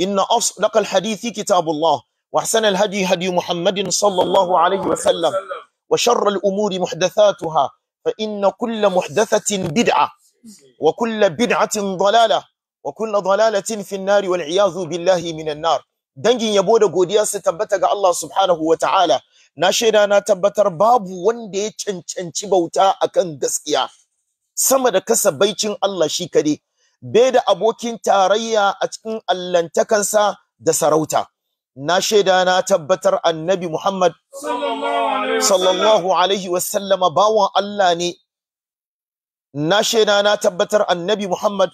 إن أصدق الحديث كتاب الله وأحسن الهدي هدي محمد صلى الله عليه وسلم وشر الأمور محدثاتها فإن كل محدثة بدعة وكل بدعة ضلالة وكل ضلالة في النار والعياذ بالله من النار dangin yabo da godiya su tabbata ga Allah subhanahu wa ta'ala na shaida na tabbatar babu wanda ya cancanci bauta akan gaskiya sama da kasa-baicin Allah shi kade bai da abokin tarayya a cikin allantakansa da sarauta na shaida na tabbatar annabi Muhammad sallallahu alaihi wasallama bawan Allah ne na shaida na tabbatar annabi Muhammad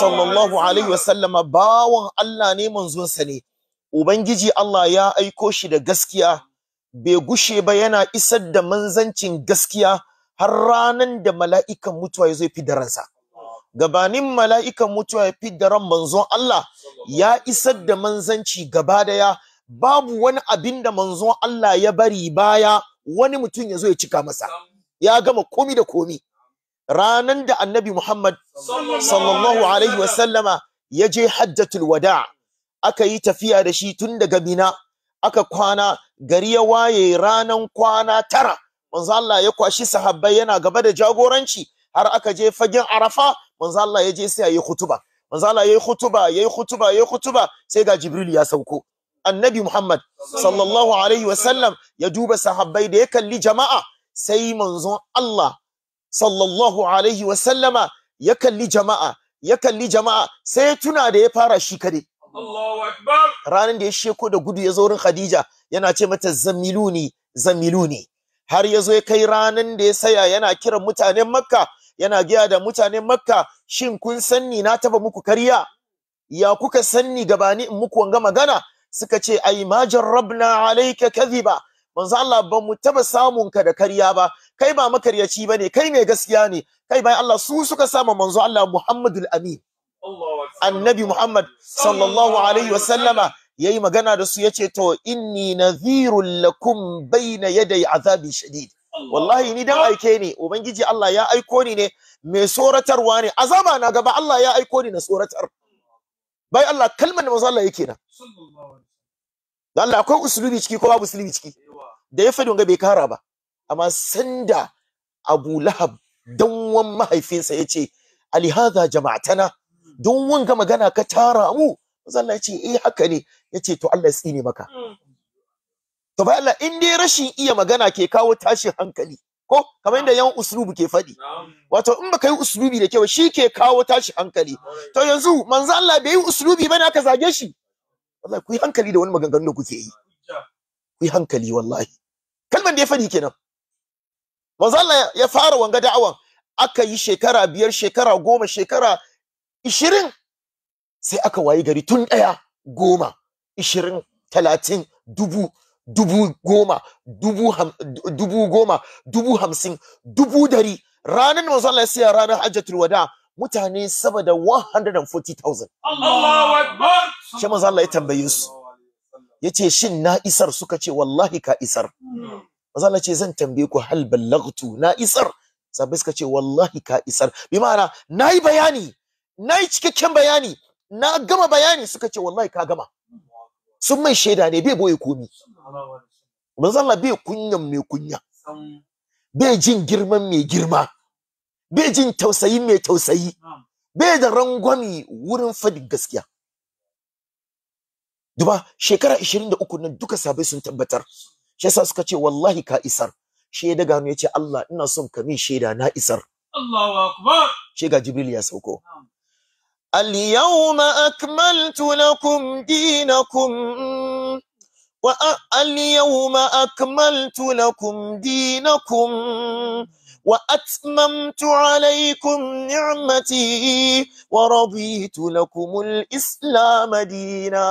sallallahu alaihi wasallama bawan Allah ne manzonsa ne ubangiji Allah ya aiko shi da gaskiya bai gushe ba yana isar da manzancin gaskiya har ranan da mala'ikan mutuwa ya zo fi daransa gabanin mala'ikan mutuwa ya fi ran manzon Allah ya isar da manzanci gaba daya babu wani abin da manzon Allah ya bari baya wani mutum ya zo ya cika masa ya gama komi da komi ranan da annabi Muhammad sallallahu alaihi wasallama ya je hajjatul wada aka yi tafiya da shi tun daga Mina aka kwana gari ya waye ranan kwana tara manzo Allah ya kwashi sahabbai yana gaba da jagoranci har aka je fagen Arafa manzo Allah ya je sai yayi khutuba manzo Allah yayi khutuba yayi khutuba yayi khutuba sai ga Jibril ya sauko annabi Muhammad sallallahu alaihi wasallam ya duba sahabbai da ya kalli jama'a sai manzo Allah sallallahu alaihi wasallama ya kalli jama'a ya kalli jama'a sai tuna da ya fara shi kade Allahu akbar ranan da ya sheko da gudu ya zo wurin Khadija yana ce mata zamiluni zamiluni har ya zo ya kai ranan da ya saya yana kiran mutanen Makka yana gaya da mutanen makka shin kun sanni na taba muku karya ya kuka sanni gabani in muku wanga magana suka ce ai ma jarrabna alayka kadhiba manzo Allah ba mu taba samun ka da karya ba kai ba makaryaci bane kai mai gaskiya ne kai bai Allah su suka sama manzo Allah Muhammadul Amin annabi Muhammad sallallahu alaihi wa sallama yayi magana da su yace to inni nadhirul lakum bayna yaday azabi shadid wallahi ni dan ah. aike ni ubangiji Allah ya aiko ni ne mai soratarwa ne azaba na gaba Allah ya aiko ni na soratar. bai Allah kalmar da manzo Allah yake na da Allah akwai usulubi ciki ko babu usulubi ciki da ya fadi wanga bai kara ba amma sanda Abu Lahab danwan mahaifinsa yace ali hadha jama'atana hmm. don wanga magana ka tara mu manzo Allah yace eh haka ne yace to Allah ya tsine maka hmm. to bai Allah in dai rashin iya magana ke kawo tashin hankali ko kamar yadda yan uslubu ke faɗi wato in baka yi uslubi da kyau shi ke kawo tashin hankali to yanzu manzo Allah bai yi uslubi bane aka zage shi wallahi ku yi hankali da wani maganganu da kuke yi ku yi hankali wallahi kalman da ya faɗi kenan manzo Allah ya fara wanga da'awan aka yi shekara biyar shekara goma shekara ishirin sai aka wayi gari tun ɗaya goma ishirin talatin dubu dubu goma dubu, ham, dubu goma dubu hamsin dubu dari ranar manzo Allah ya siya ranar hajjatul wada mutane sama da 140,000 Allahu akbar shi manzo Allah ya tambaye su yace shin na isar suka ce wallahi ka isar manzo Allah ce zan tambaye ku hal ballagtu na isar sabai suka ce wallahi ka isar bi ma'ana nayi bayani nayi cikakken bayani na gama bayani suka ce wallahi ka gama sun mai shaida ne bai boye komi manzo bai kunyan mai kunya bai jin girman mai girma bai jin tausayi mai tausayi bai da rangwami wurin fadin gaskiya duba shekara 23 nan duka sabai sun tabbatar shi yasa suka ce wallahi ka isar shi ya daga ya ce Allah ina son ka min shaida na isar Allahu akbar shi ga Jibril ya sauko اليوم أكملت لكم دينكم اليوم أكملت لكم دينكم وأتممت عليكم نعمتي ورضيت لكم الإسلام دينا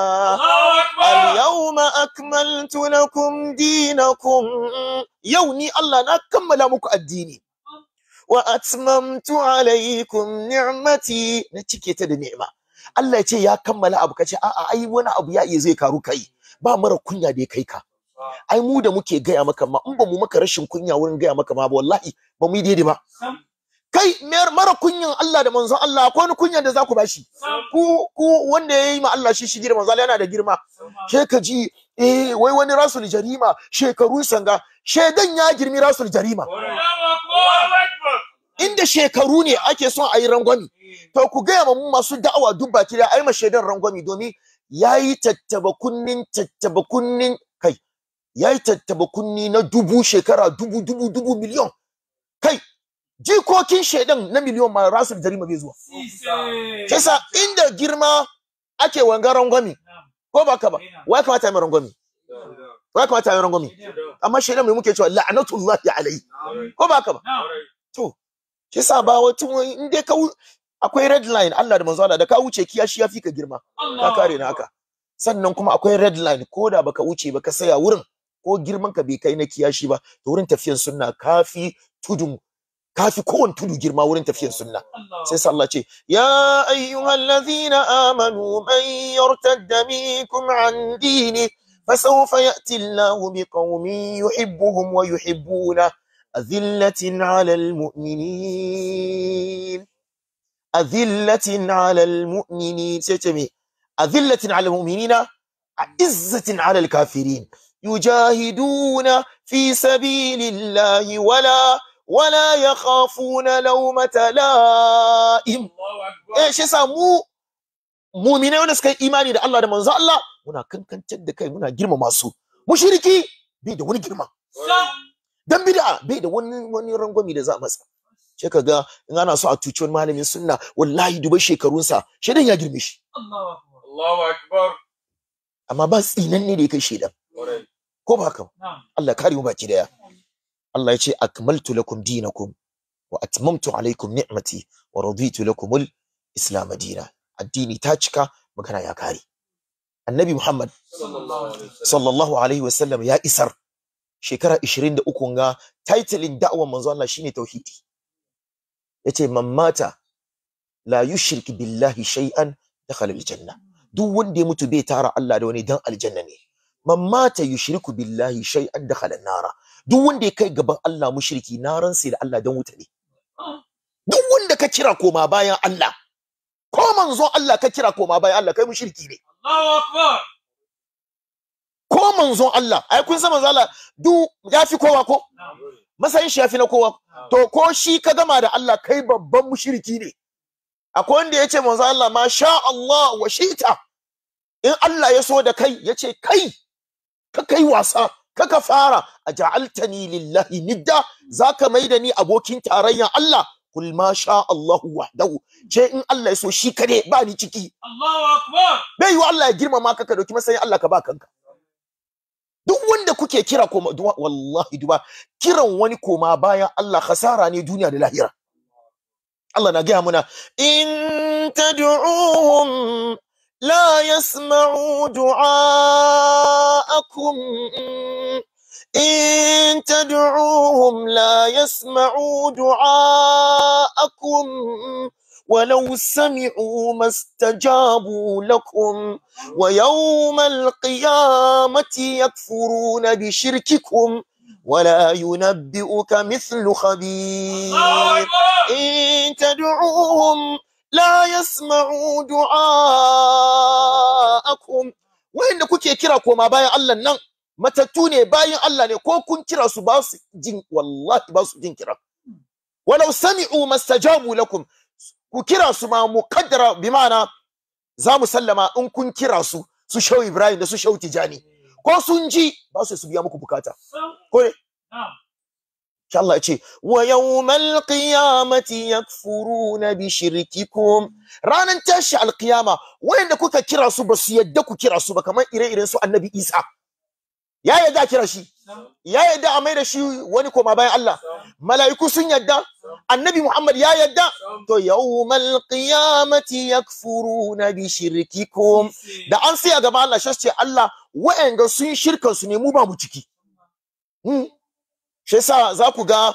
اليوم أكملت لكم دينكم يوني الله نكمل لكم الديني wa atmamtu alaikum ni'mati na cike ta da ni'ima Allah ya ce ya kammala abu kace a'a ai wani abu ya iya zai karu kai ba mara kunya da kai ka ai mu da muke gaya maka ma in ba mu maka rashin kunya wurin gaya maka ma ba wallahi ba mu yi daidai ba kai mara kunyan Allah da manzon Allah akwai wani kunyan da za ku bashi ku ku wanda yayi ma Allah shi shi girma manzon yana da girma she ka ji eh wai wani rasul jarima shekaru sanga shedan ya girmi rasul jarima inda shekaru ne ake son a yi rangwami to ku gaya ma mu masu da'awa dubba baki da aima ma shedan rangwami domin yayi tattaba kunnin tattaba kunnin kai yayi tattaba kunni na dubu shekara dubu dubu dubu miliyon kai jikokin shedan na miliyon ma rasul jarima bai zuwa kisa inda girma ake wanga rangwami ko ba ka ba wai kamata mai rangwami wai kamata mai rangwami amma shedan mai muke cewa la'anatullahi alai ko ba ka ba to kisa ba wata in dai ka akwai red line Allah da manzo Allah da ka wuce kiya shi yafi ka girma ka kare na haka sannan kuma akwai red line ko da baka wuce baka saya wurin ko girman ka bai kai na kiyashi ba to wurin tafiyan sunna kafi tudun كون تلو جير ما wurin tafiyan سنة sai الله Allah يا أيها الذين آمنوا من يرتد منكم عن dini فسوف يأتي الله بقوم يحبهم ويحبونه أذلة على المؤمنين أذلة على المؤمنين سيتمي أذلة على المؤمنين عزة على الكافرين يجاهدون في سبيل الله ولا wala ya khafuna laumata la'im eh shi sa mu mu'minai wanda suka yi imani da Allah da manzo Allah muna kankantar da kai muna girmama su mushiriki bai da wani girma dan bid'a bai da wani rangwami da za a masa sai ga in ana so a tuci wani malamin sunna wallahi dubai shekarunsa shedan ya girma shi Allahu akbar amma ba tsinan ne da ya kai shedan ko ba haka Allah kare mu baki daya Allah ya ce akmaltu lakum dinakum wa atmamtu alaikum ni'mati wa raditu lakumul islam dina addini ta cika magana ya kare annabi Muhammad sallallahu alaihi sallam ya isar shekara 23 ga titlein da'awar manzo Allah shine tauhidi yace man mata la yushrik billahi shay'an dakhala janna. duk wanda ya mutu bai tara Allah da wani dan aljanna ne man mata yushriku billahi shay'an dakhala nara duk wanda ya kai gaban Allah mushriki na ransa da Allah dan wuta ne duk wanda ka kira koma bayan Allah ko manzon Allah ka kira koma bayan Allah kai mushriki ne Allahu akbar ko manzon Allah ai kun san manzon Allah duk fi kowa ko masayin shi ya fi na kowa to ko shi ka gama da Allah kai babban mushriki ne akwai wanda yace manzon Allah ma sha Allah wa shita in Allah ya so da kai yace kai ka kai wasa kaka fara aja'altani lillahi nidda zaka da ni abokin tarayyar Allah kul ma sha Allah wahdahu ce in Allah ya so shi kare ba ni ciki Allahu akbar bai yi Allah ya girmama ka ka doki masayin Allah ka ba kanka duk wanda kuke kira koma duwa wallahi duba kiran wani koma bayan Allah khasara ne duniya da lahira Allah na gaya muna in tad'uhum لا يسمعوا دعاءكم إن تدعوهم لا يسمعوا دعاءكم ولو سمعوا ما استجابوا لكم ويوم القيامة يكفرون بشرككم ولا ينبئك مثل خبير إن تدعوهم la yasma'u du'aakum wayanda kuke kira koma bayan Allah nan matattu ne bayan Allah ne ko kun kira su ba su jin wallahi ba su jin kira walau sami'u mastajabu lakum ku kira su ma muqaddara bi ma'ana za mu sallama in kun kira su su shau Ibrahim da su shau Tijani ko sun ji ba su su biya muku bukata sai Allah ya ce wa yawmal qiyamati yakfuruna bi shirkikum ranan tashi alqiyama wayanda kuka kira su basu yadda ku kira su ba kamar ire-iren su Annabi Isa ya yadda kira shi ya yadda a maida shi wani koma bayan Allah mala'iku sun yadda annabi Muhammad ya yadda to yawmal qiyamati yakfuruna bi shirkikum da an sai a gaba Allah shi ce Allah wa'anga sun shirkan su ne mu ba mu ciki hmm. shi yasa za ku ga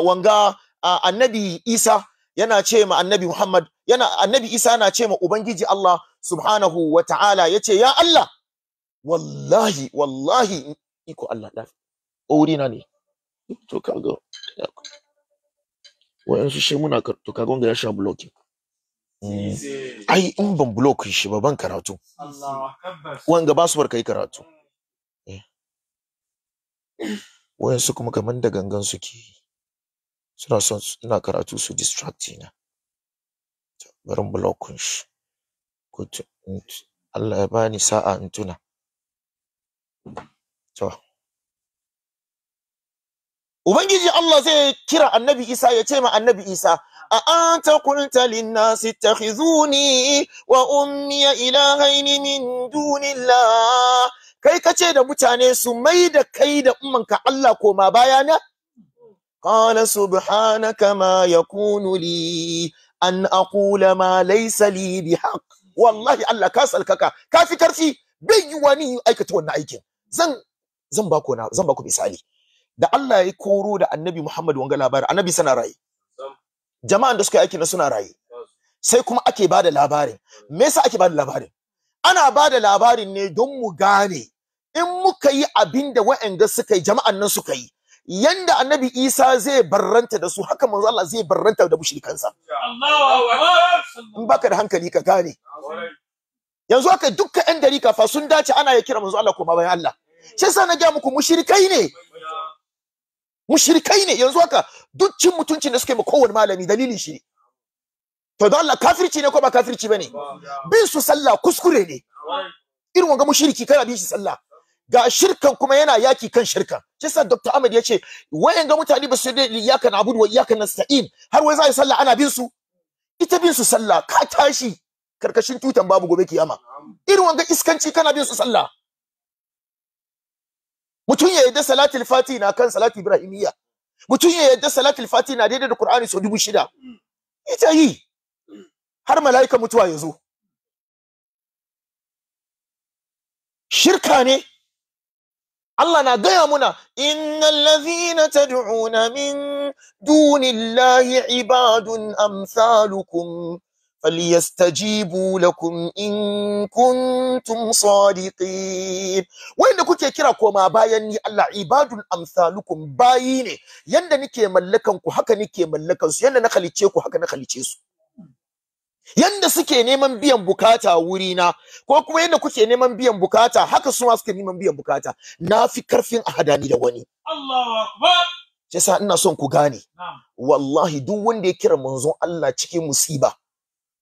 wanga annabi Isa yana ce ma annabi Muhammad yana annabi Isa yana ce ma ubangiji Allah subhanahu wa ta'ala yace ya Allah wallahi wallahi iko Allah da na ne to kaga wayansu shi muna to kaga wanda ya sha bloki mm. ai in ban bloki shi ba ban karatu wanga ba su barkai karatu eh. wayansu kuma kaman da gangan suke yi suna son ina karatu su distract dina bari in blocking shi Allah ya bani sa'a in tuna to Ubangiji Allah zai kira annabi Isa ya ce ma annabi Isa A أأنت قلت للناس اتخذوني wa ummi من min dunillah kai kace da mutane su mai da kai da ummanka Allah koma baya na qala subhanaka ma yakunu li an aqula ma laysa li bihaq wallahi Allah ka salkaka ka fi karfi bai yi wani aikata wannan aikin zan zan ba ku zan misali da Allah ya koro da Annabi Muhammad wanga labari Annabi sana rayi jama'an da suka yi aikin suna rayi sai kuma ake bada labarin me yasa ake bada labarin ana ba da labarin ne don mu gane in muka yi abin da wa'anda suka yi jama'an nan suka yi yanda annabi isa zai barranta da su haka manzo Allah zai barranta da mushrikansa in baka da hankali ka gane yanzu haka dukkan yan dari kafa sun dace ana ya kira manzo Allah kuma bayan Allah shi yasa na ga muku mushrikai ne mushrikai ne yanzu haka dukkan mutuncin da suke ma kowane malami dalilin shi ne to don Allah kafirci ne ko ba kafirci bane bin su sallah kuskure ne irin wanga mushriki kana bin shi sallah ga shirkan kuma yana yaki kan shirkan shi sa Dr. Ahmed ya ce wayan ga mutane ba su da iyyaka na'budu wa iyyaka nasta'in har wai za yi sallah ana bin su ita bin su sallah ka tashi karkashin tutan babu gobe kiyama irin wanga iskanci kana bin su sallah mutum ya yadda salatul fati na kan salatul ibrahimiyya mutum ya yadda salatul fati na daidai da qur'ani sau dubu shida ita yi har mala'ika mutuwa ya zo shirka ne Allah na gaya muna innal ladhina tad'una min dunillahi ibadun amsalukum falyastajibu lakum in kuntum sadiqin wanda kuke kira koma bayan ni Allah ibadun amsalukum bayi ne yanda nike mallakan ku haka nike mallakan su yanda na halice ku haka na halice su yanda suke neman biyan bukata wurina ko kuma yanda kuke neman biyan bukata haka suma suke neman biyan bukata na fi karfin a hadani da wani Allahu akbar ina son ku gane wallahi duk wanda ya kira manzon Allah cikin musiba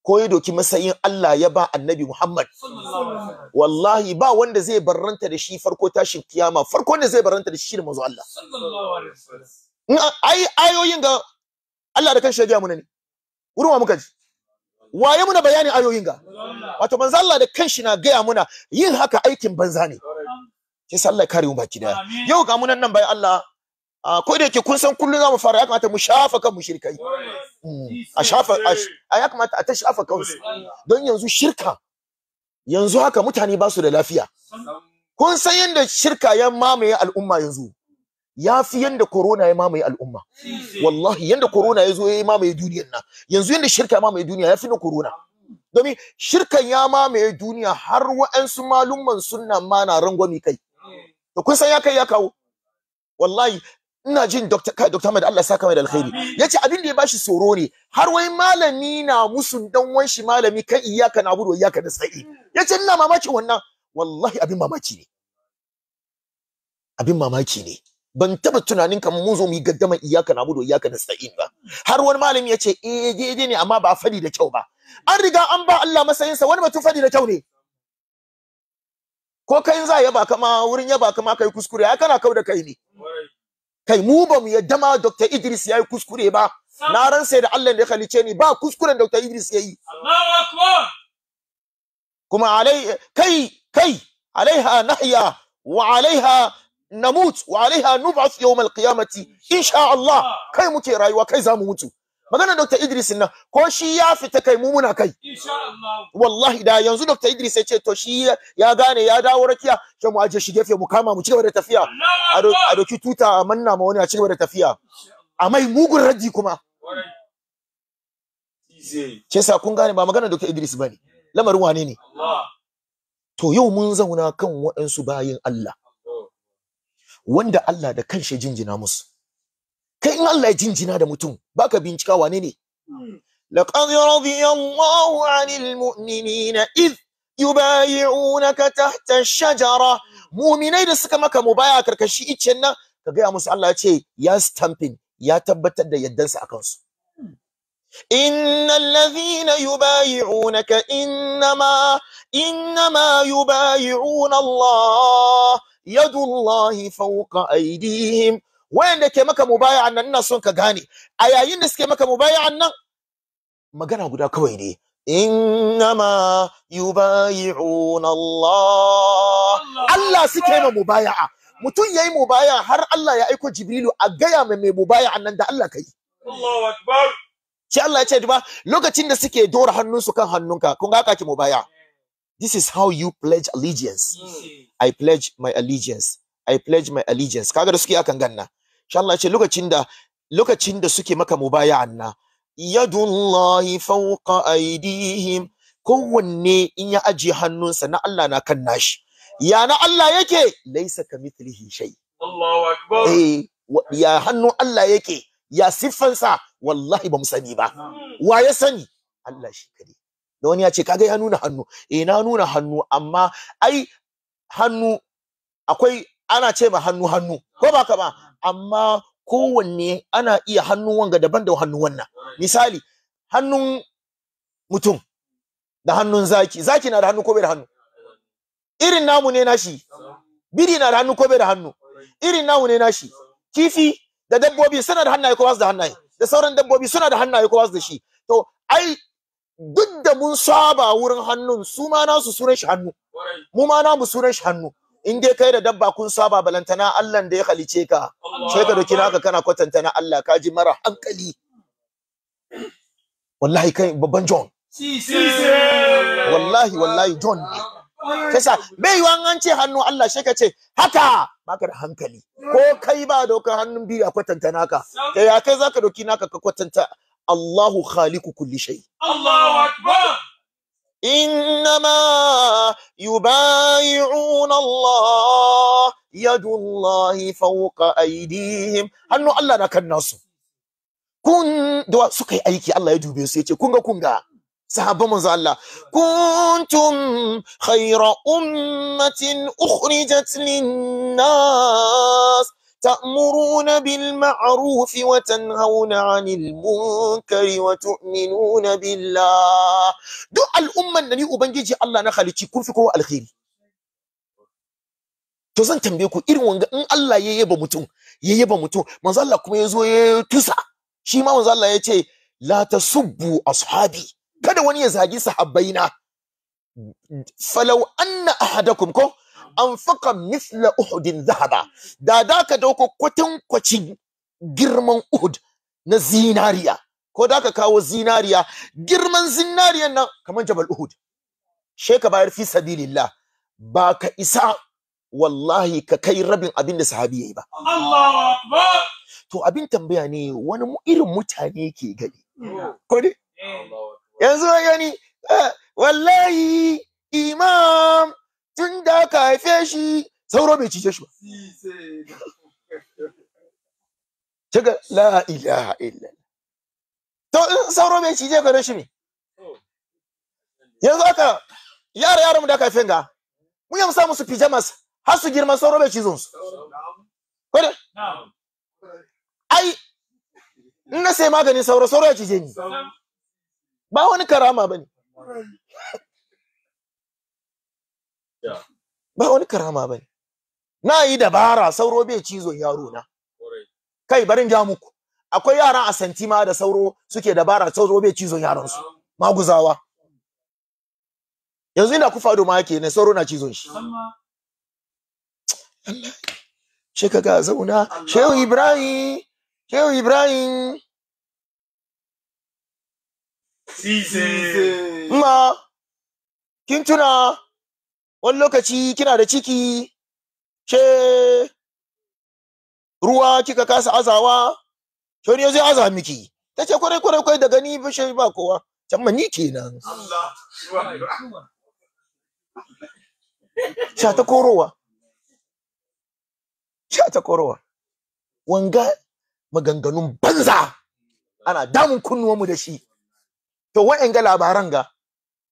ko ya doki masayin Allah ya ba annabi Muhammad wallahi ba wanda zai barranta da shi farko tashin kiyama farko ne zai barranta da shi ne manzon Allah wasallam ayoyin ga Allah da kanshi ya mu ne wurin wa muka ji waye muna bayanin ayoyin ga wato manzo Allah da kanshi na gaya muna yin haka aikin banza ne sai sallah kare mu baki daya yau ga munan nan bai Allah ko da yake kun san kullun zamu fara ya kamata mu shafa kan mushrikai mm. a shafa a ya kamata a ta shafa kansu don yanzu shirka yanzu haka mutane ba su da lafiya kun san yadda shirka ya mamaye al'umma yanzu ya fi yanda corona ya mamaye al'umma wallahi yanda corona ya zo ya mamaye duniyar nan yanzu yanda shirka ya mamaye duniya ya fi na corona domin shirkan ya mamaye duniya har wa'ansu malumman sunna ma na rangwami kai to kun san ya kai ya kawo wallahi ina jin Dr. Kai Dr. Ahmed Allah saka mai da alkhairi yace abin da ya bashi tsoro ne har wai malami na musun dan wan shi malami kai iyaka na budo iyaka da sa'i yace ina mamaki wannan wallahi abin mamaki ne abin mamaki ne ban taba tunanin kamar mun zo mu yi gaddama iyaka na budo iyaka na sa'in ba har wani malami ya ce eh je ne amma ba fadi da kyau ba an riga an ba Allah masayinsa wani batun fadi da kyau ne ko kai za yaba kama wurin yaba kama kai kuskure ai kana kau da kai ne kai mu ba mu yadda ma Dr. Idris yayi kuskure ba na ran sai da Allah da ya halice ni ba kuskuren Dr. Idris yayi Allahu akbar kuma alai kai kai alaiha nahya wa alaiha namut wa alaiha nub'ath yawm al-qiyamati kai muke rayuwa kai zamu mutu magana Dr. Idris na, ko shi ya fita kai mu muna kai wallahi da yanzu Dr. Idris ya ce to shi ya gane ya dawo rakiya sai mu aje shi gefe mu kama mu cigaba da tafiya a doki tuta a manna ma wani a cigaba da tafiya a mai mugun raddi kuma ke sa kun gane ba magana Dr. Idris bane lamarin wane ne to yau mun zauna kan waɗansu bayin Allah wanda Allah da kanshi jinjina musu kai in Allah ya jinjina da mutum baka bincika wane ne laqad radiyallahu 'anil mu'minina id yubayi'unaka tahta ash-shajara mu'minai da suka maka baya karkashi icen na. ka gaya musu Allah ce ya stamping ya tabbatar da yaddansa akan su إن الذين يبايعونك إنما إنما يبايعون الله yadullahi fawqa aydihim wayanda ke maka a nan ina son ka gane a yayin da suke maka a nan magana guda kawai ne innama yubayi'una Allah Allah suke ma mubaya'a mutum yayi mubaya har Allah ya aiko Jibrilu a gaya mai mai mubaya'an nan da Allah kai Allahu akbar shi Allah ya ce duba lokacin da suke dora hannunsu kan hannunka kun ga ka ki mubaya This is how you pledge allegiance. I pledge my allegiance. I pledge my allegiance. Kaga da suke akan ganna. Insha Allah ce lokacin da lokacin da suke maka mubaya'an na yadullahi fawqa aydihim kowanne in ya aje hannunsa na Allah na kan nashi. Ya na Allah yake laisa kamithlihi shay. Allahu akbar. Eh ya hannun Allah yake ya siffansa wallahi ba mu sani ba. Hmm. Wa ya sani? Allah shi kadai. da wani ya ce kaga ya nuna hannu eh na nuna hannu amma ai hannu akwai ana ce ma hannu hannu ko ba ka ba amma kowanne ana iya hannu wanga daban da hannu wannan misali hannun mutum da hannun zaki zaki na da hannu ko bai da hannu irin namu ne nashi biri na da hannu ko bai da hannu irin namu ne nashi kifi da dabbobi suna da hannaye ko ba su da hannaye da sauran dabbobi suna da hannaye ko ba su da shi to ai duk da mun saba wurin hannun su ma nasu sunan shi hannu mu ma namu sunan shi hannu in dai kai da dabba kun saba balantana Allah da ya halice ka sai ka doki naka kana kwatanta na Allah ka ji mara hankali wallahi kai babban John wallahi wallahi John kasa bai yiwa an ce hannu Allah sai ka ce haka baka da hankali ko kai ba doka hannun biyu a kwatanta naka kai ya kai zaka doki naka ka kwatanta Allahu khaliqu kulli shay Allahu akbar إنما يبايعون الله يد الله فوق أيديهم hannu Allah na kan nasu kun da suka yi aiki Allah ya dube su yace kun ga kun ga sahabban manzo Allah kuntum khayra ummatin ukhrijat lin-nas تأمرون بالمعروف وتنهون عن المنكر al'umman da ni ubangiji Allah na الله نخلي كل فكرة الخير to zan tambaye ku irin wanga in Allah ya yaba mutum ya yaba mutum manzo Allah kuma yazo ya tusa shi ma manzo Allah ya ce la tasubbu ashabi kada wani ya zagi sahabbaina falau anna ahadakum ko anfaka misla uhudin zahaba da da ka dauko kwatankwacin girman uhud na zinariya ko da ka kawo zinariya girman zinariyan nan kamar jabal uhud sheka bayar fi sabilillah ba ka isa wallahi ka kai rabin abin da sahabi yayi ba to abin tambaya ne wani irin mutane ke gani ko ne yanzu gani wallahi imam tun da aka haife shi sauro bai cije shi ba kaga la ilaha illa to in sauro bai cije ka shi ne. yanzu aka yara yaro mu da aka haife ga mun yamsa musu pijamas har su girma sauro bai cizon su ko ai in na sai maganin sauro sauro ya cije ni ba wani karama bane ba wani karama bane na yi dabara sauro bai cizon yaro na kai barin ja muku akwai yaran a ma da sauro suke dabara sauro bai cizon yaron su maguzawa yanzu ina ku fado ma yake ne sauro na cizon shi she kaga zauna shehu ibrahim shehu ibrahim sise ma kin tuna wani lokaci kina da ciki ce ruwa kika kasa azawa to ne zai aza miki ta ce kwarai kwarai kwarai daga ni bishe ba kowa can ma ni kenan sha ta korowa sha ta korowa wanga maganganun banza ana damun kunnuwanmu da shi to wa'yan ga labaran ga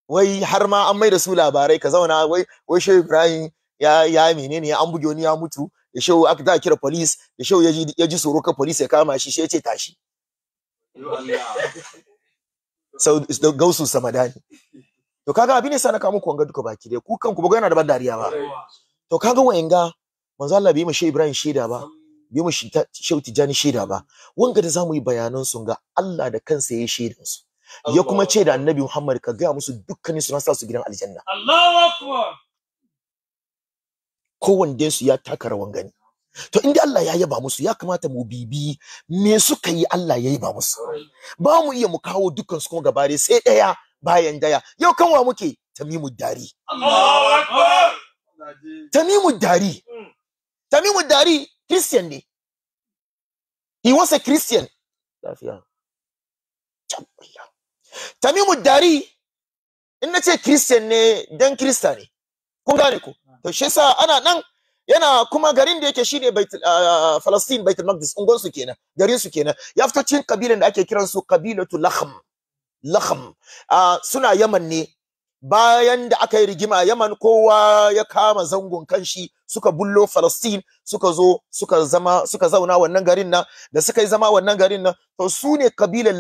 wai har ma an mai da su labarai ka zauna wai wai shehu ibrahim ya ya menene ya an buge wani ya mutu da shehu aka ta kira police da shehu ya ji tsoro ka police ya kama shi shi ya ce tashi so the gausu samadani to kaga abin yasa na kawo ku wanga duka baki dai ku kan ku ga yana da ban dariya ba to kaga wayanga manzo Allah bai mu shehu ibrahim shaida ba bai mu shehu tijani shaida ba wanga da zamu yi bayanan sun ga Allah da kansa yayi shaidan su ya kuma ce da annabi Muhammad ka gaya musu dukkanin su sa su gidan aljanna Allahu akbar kowanne su ya taka rawan gani to inda Allah ya yaba musu ya kamata mu bibi me suka yi Allah ya yaba musu ba mu iya mu kawo dukkan su kuma gabare sai daya bayan daya yau kan wa muke tamimu dari Allahu akbar tamimu dari hmm. tamimu dari christian ne he was a christian lafiya tabbaya tamimu dari in na ce christian ne dan krista ne kun gane ku ah. to shi yasa ana nan yana kuma garin da yake shine baitul ah, ah, falastin baitul maqdis ungon kenan garin su kenan ya fito cikin kabilan da ake kiran su kabilatu laham lahm suna yaman ne bayan da aka yi rigima yaman kowa ya kama zangon kanshi suka bullo falastin suka zo suka zama suka zauna wannan garin nan da suka yi zama wannan garin nan to su ne kabilan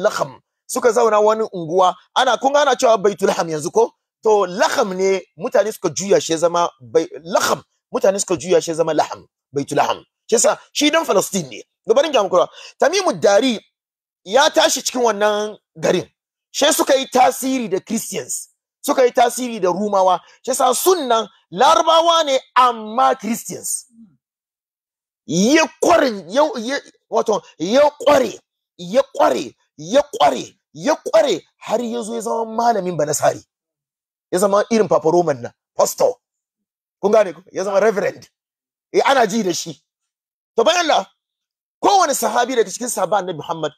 suka zauna wani unguwa ana kun ana cewa baitul ham yanzu ko to laham ne mutane suka juya shi zama laham mutane suka juya shi zama laham baitul ham shi yasa shi dan Falastin ne gabanin jamkura Tamimu Dari ya tashi cikin wannan garin shi suka yi tasiri da Christians suka yi tasiri da Rumawa shi yasa sunnan Larabawa ne amma Christians ya kwarin wato ya kware ya kware ya kware ya kware har ya zo ya zama malamin banasari ya zama irin papa roman nan pastor kun gane ku? ya zama reverend eh ana ji da shi to bayan Allah kowane sahabi daga cikin sahaba annabi Muhammad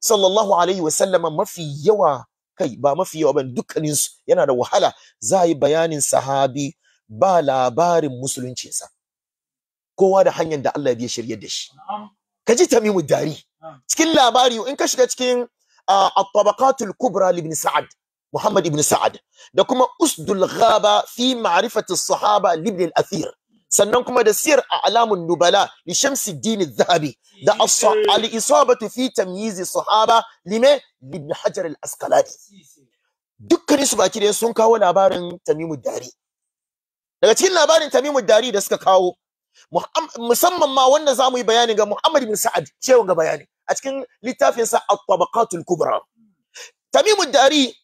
sallallahu alaihi wa sallama mafi yawa kai ba mafi yawa ba, dukkanin su yana da wahala za yi bayanin sahabi ba labarin musuluncinsa kowa da hanyar da Allah ya shirya da shi ka ji tamimu dari cikin labari in ka shiga cikin at-tabaqatul kubra ibn sa'ad muhammad ibn sa'ad da kuma usdul ghaba fi ma'rifati as-sahaba ibn al-athir sannan kuma da siyar a alamun nubala li shamsuddin zahabi da al-isabatu fi tamyiz sahaba lime ibn hajar al-asqalani dukkanin su baki da sun kawo labarin tamimu dari daga cikin labarin tamimu dari da suka kawo musamman ma wanda za mu yi bayani ga Muhammad bin Sa'ad cewa ga bayani a cikin littafin sa At-Tabaqatul Kubra Tamimu Dari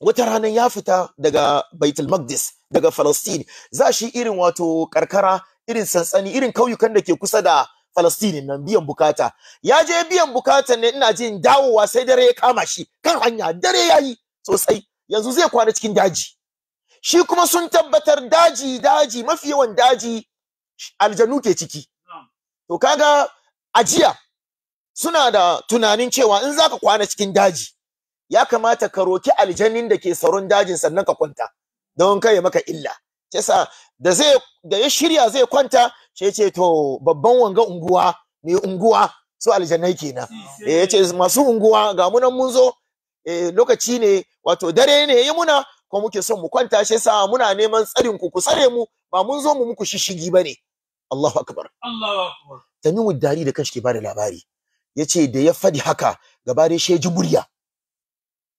wata ranar ya fita daga Baitul Maqdis daga Palestine za shi irin wato karkara irin sansani irin kauyukan da ke kusa da Palestine nan biyan bukata ya je biyan bukata ne ina jin dawowa sai dare ya kama shi kan hanya dare yayi sosai yanzu zai kwana cikin daji shi kuma sun tabbatar daji daji mafi yawan daji aljanu ke ciki to kaga ajiya suna da tunanin cewa in zaka kwana cikin daji ya kamata ka roki aljanin da ke sauran dajin sannan ka kwanta don kai maka illa yasa da zai da ya shirya zai kwanta sai ce to babban wanga unguwa me unguwa su aljannai kenan eh yace masu unguwa ga nan mun zo eh lokaci ne wato dare ne yi muna ko muke son mu kwanta Sai sa muna neman tsarin ku ku tsare mu ba mun zo mu muku shishigi bane Allahu akbar Allahu akbar Tamimu Dari da kanshi ke bada labari yace da ya fadi haka gaba dai shi ji murya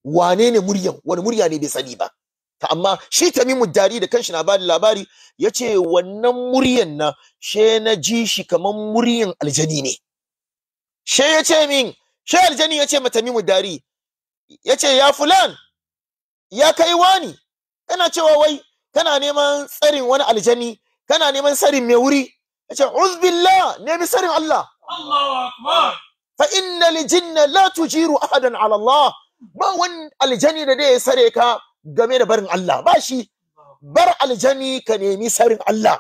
wane ne muryan wani murya ne bai sani ba ta amma shi Tamimu Dari da kanshi na bada labari yace wannan muryan na she na ji shi kaman muryan aljani ne she yace min she aljani yace ma Tamimu Dari yace ya fulan ya kai wani kana cewa wai kana neman tsarin wani aljani kana neman tsarin mai wuri yace uzbillah nemi sanin Allah Allahu akbar fa inna lijinna la tujiru ahadan ala Allah ba wani aljani da dai sare ka game da barin Allah ba shi bar aljani ka nemi sarin Allah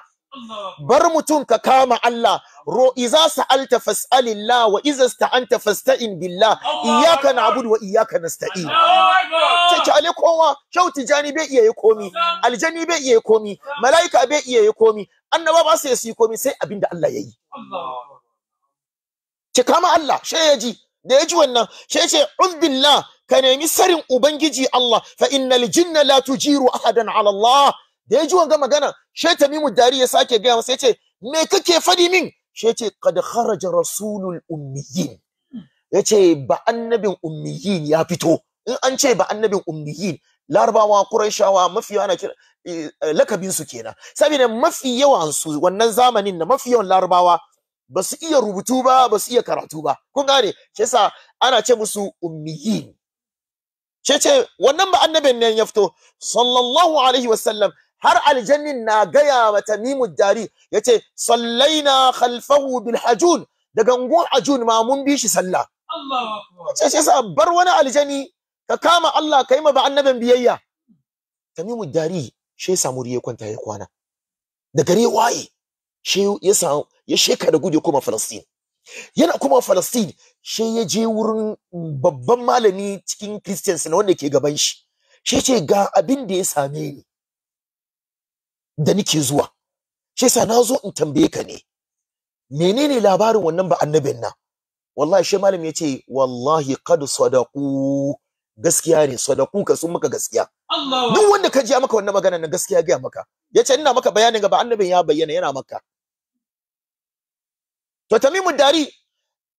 bar mutum ka kama Allah ro iza sa'alta fas'alillah wa iza sta'anta fasta'in billah iyyaka na'budu wa iyyaka nasta'in sai ale kowa shauti jani bai iya yi komi aljani bai iya yi komi malaika bai iya yi komi annaba ba su yi komi sai abinda Allah yayi ki kama Allah she yaji da yaji wannan she ce uzbillah ka nemi sarin ubangiji Allah fa innal jinna la tujiru ahadan ala Allah da ya ji wanga magana she tamimu dari ya sake gaya masa yace me kake fadi min she yace qad kharaja rasulul ummiyin yace ba annabin ummiyin ya fito in an ce ba annabin ummiyin larabawa quraishawa eh, eh, mafi yawa kira lakabin su kenan saboda mafi yawan su wannan zamanin na mafi yawan larabawa ba su iya rubutu ba ba su iya karatu ba kun gane shi yasa ana ce musu ummiyin shi ce wannan ba annabin ne ya fito sallallahu alaihi wasallam har aljannin na gaya wa tamimu dari ce sallaina khalfahu bil hajun da ungun hajun ma mun bi shi sallah Allahu ce sa bar wani aljani ka kama Allah kai ma ba annaban biyayya tamimu dari shi ya samu riye kwanta ya kwana da gare waye shi ya samu ya sheka da gudu kuma Falastin yana kuma Falastin shi ya je wurin babban malami cikin Christians na wanda ke gaban shi shi ce ga abin da ya same ni da nake zuwa shi yasa na zo in tambaye ka ne menene labarin wannan ba annabin nan wallahi shi malam ya ce wallahi qad sadaqu gaskiya ne sadaqu ka sun maka gaskiya duk wanda ka ji maka wannan magana na gaskiya ga maka Ya ce ina maka bayanin ga ba annabin ya bayyana yana maka to tamimu dari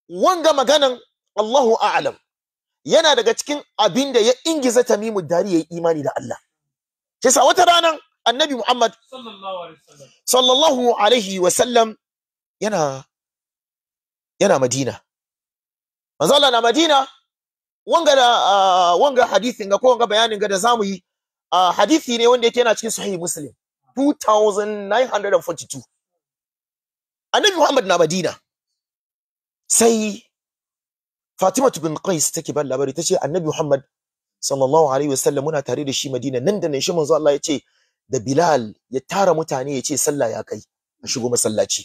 wanga maganan Allahu a'lam yana daga cikin abin da ya ingiza tamimu dari yayi imani da Allah shi sa wata ranan annabi Muhammad sallallahu alaihi wa sallam yana yana Madina manzo na Madina wanga da wanga hadisin ga ko wanga bayanin ga da zamu yi hadisi ne wanda yake yana cikin sahih Muslim 2942 annabi Muhammad na Madina sai Fatima bin Qais take ban labari tace annabi Muhammad sallallahu alaihi wasallam muna tare da shi Madina nan da nan shi manzo Allah ya ce da Bilal ya tara mutane ya ce sallah ya kai a shigo masallaci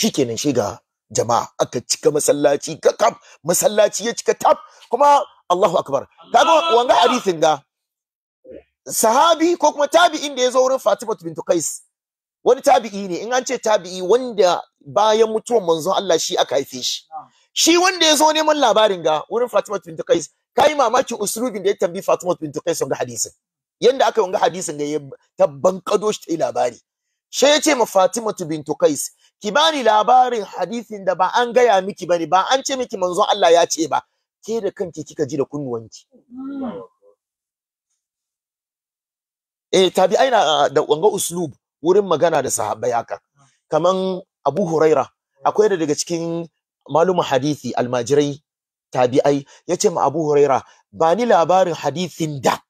shikenan shi ga jama'a aka cika masallaci kakaf masallaci ya cika tab kuma Allahu akbar kaga wanga hadisin ga sahabi ko kuma tabi'in da ya zo wurin Fatima bint Qais wani tabi'i ne in an ce tabi'i wanda bayan mutuwar manzo Allah shi aka haife shi shi wanda ya zo neman labarin ga wurin Fatima bint Qais kai mamaki uslubin da ya tambi Fatima bint Qais ga hadisin yanda aka wanga hadisin ga ta bankado shi ta yi labari she ya ce ma Fatimatu bintu Qais ki bani labarin hadisin da ba an gaya miki bane ba an ce miki manzon Allah ya ce ba ke da kanki kika ji da kunnuwanki eh tabi aina ah, da wanga uslub wurin magana da sahabbai haka kaman Abu Huraira akwai da daga cikin malumin hadisi almajirai tabi'ai yace ma Abu Huraira bani labarin hadisin da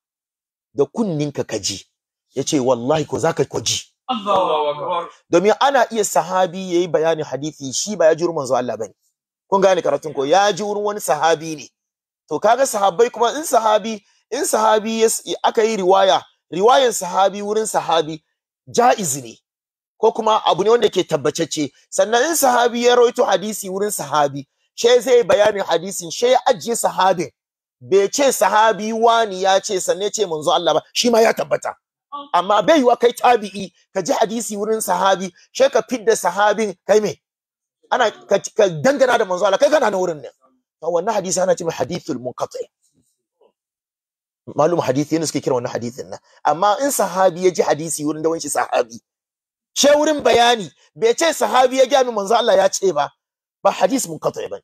da kunninka ka ji yace wallahi ko zaka Allahu ji domin ana iya sahabi yayi bayanin hadisi shi ba ya ji manzo Allah bane kun gane karatun ko ya ji wurin wani sahabi ne to kaga sahabbai kuma in sahabi in sahabi aka yi riwaya riwayan sahabi wurin sahabi ja'iz ne ko kuma abu ne wanda ke tabbatacce sannan in sahabi ya rawaito hadisi wurin sahabi she zai bayanin hadisin she ya ajiye sahabin bai ce sahabi wani ya ce sanne ce manzo Allah ba shi ma ya tabbata amma bai yiwa kai tabi'i ka ji hadisi wurin sahabi sai ka fidda sahabin kai me ana ka, dangana da manzo Allah kai kana na wurin ne to wannan hadisi ana ce hadithul munqati malum hadisi ne suke kira wannan hadisin nan amma in sahabi ya ji hadisi wurin da wani sahabi she wurin bayani bai ce sahabi ya gami manzo Allah ya ce ba ba hadis munqati ba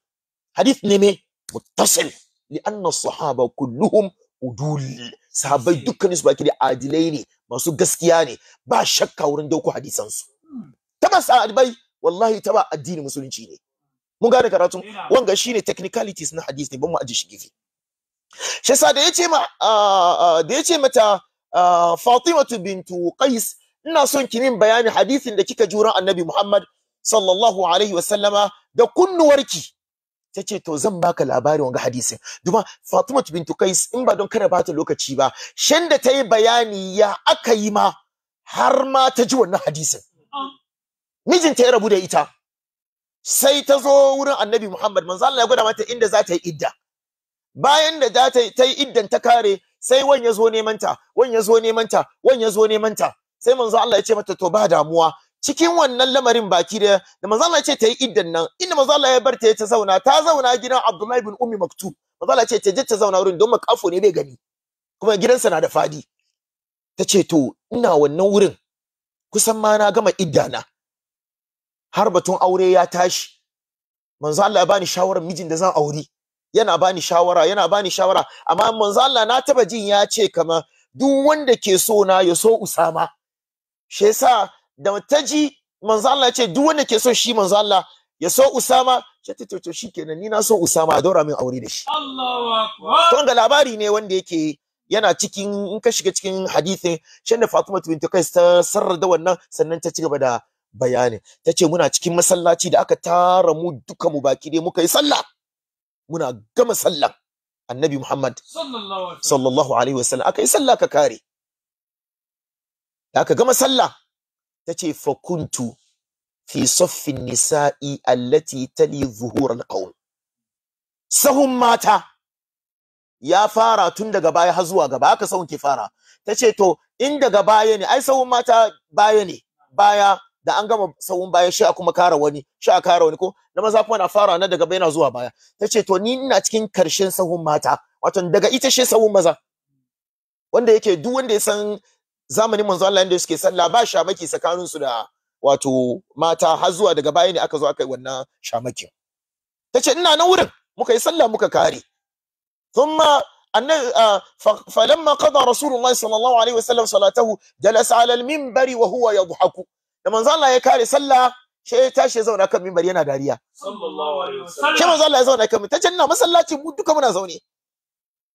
hadis ne me muttasil li'anna sahaba kulluhum uduli sahabai dukkanin su baki da adilai ne masu gaskiya ne ba shakka wurin dauko hadisan su taba sahabai wallahi ba addini musulunci ne mun gane karatun wanga shine technicalities na hadisi ne ban mu aje shi gefe shi da yace ma da yace mata Fatimatu bintu Qais ina son ki min bayani hadisin da kika juran Annabi Muhammad sallallahu alaihi wa sallama da kunnuwarki ta ce to zan baka labarin wanga hadisin duma Fatima bintu Qais in ba don kada bata ta lokaci ba shan da ta yi bayani ya aka yi ma har ma ta ji wannan hadisin mijinta ya rabu da ita sai ta zo wurin Annabi Muhammad manzo Allah ya gwada mata inda za ta yi idda bayan da za ta yi iddan ta kare sai wani ya zo neman ta wani ya zo neman ta wani ya zo neman ta sai manzo Allah ya ce mata to ba damuwa cikin wannan lamarin baki da da manzo Allah ya ce ta yi iddan nan inda manzo Allah ya bar ta ta zauna ta zauna gidan Abdullahi bin Ummi Maktub manzo Allah ya ce ta je ta zauna wurin don makafo ne bai gani kuma gidansa na da fadi ta ce to ina wannan wurin kusan ma na gama idda na har batun aure ya tashi manzo Allah ya bani shawara mijin da zan aure yana bani shawara yana bani shawara amma manzo Allah na taba jin ya ce kamar duk wanda ke so na ya so Usama shi yasa da ta ji manzo Allah ya ce duk wanda ke so shi manzo Allah ya so Usama ya ce to shi kenan, ni na so Usama a daura min aure da shi Allahu akbar labari ne wanda yake yana cikin in ka shiga cikin hadisin shan da Fatima bint Qais ta sarrada wannan sannan ta ci gaba da bayani ta ce muna cikin masallaci da aka tara mu duka mu baki dai muka yi sallah muna gama sallah annabi Muhammad sallallahu alaihi wasallam aka yi sallah ka kare da aka gama sallah ta ce fakuntu fi soffin nisa'i allati tali zuhur alqaum sahun mata ya fara tun daga baya har zuwa gaba aka sahun ke fara ta ce to in daga baya ne ai sahun mata baya ne baya da an gama sahun baya shi a kuma kara wani shi a kara wani ko na maza kuma na fara na daga baya zuwa baya ta ce to ni ina cikin karshen sahun mata wato daga ita shi sahun maza wanda yake duk wanda ya san zamanin manzo Allah yanda suke sallah ba shamaki tsakanin su da wato mata har zuwa daga baya ne aka zo aka yi wannan shamaki tace ina nan wurin muka yi sallah muka kare thumma annabi falamma qada rasulullahi sallallahu alaihi wasallam salatahu jalasa ala al-minbari wa huwa yadhaku da manzo Allah ya kare sallah sai ya tashi zauna kan minbari yana dariya. Sallallahu alaihi wasallam. Sai manzo Allah ya zauna kan Tace ina masallaci mu duka muna zaune.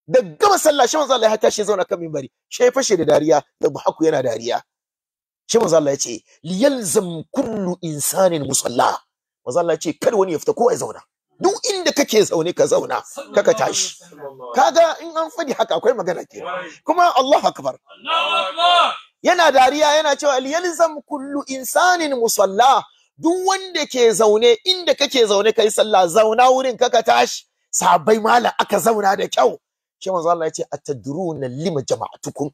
da gama sallah shi manzo Allah ya tashi zauna kan minbari shi fashe da dariya da buhaku yana dariya shi manzo Allah ya ce liyalzam kullu insanin musalla manzo Allah ya ce kada wani ya fita ko ya zauna duk inda kake zaune ka zauna kaka tashi kaga in an fadi haka akwai magana ke kuma Allahu akbar Allahu akbar yana dariya yana cewa liyalzam kullu insanin musalla duk wanda ke zaune inda kake zaune kai sallah zauna wurin kaka tashi sabai malam aka zauna da kyau shi manzo Allah ya ce atadruna lima jama'atukum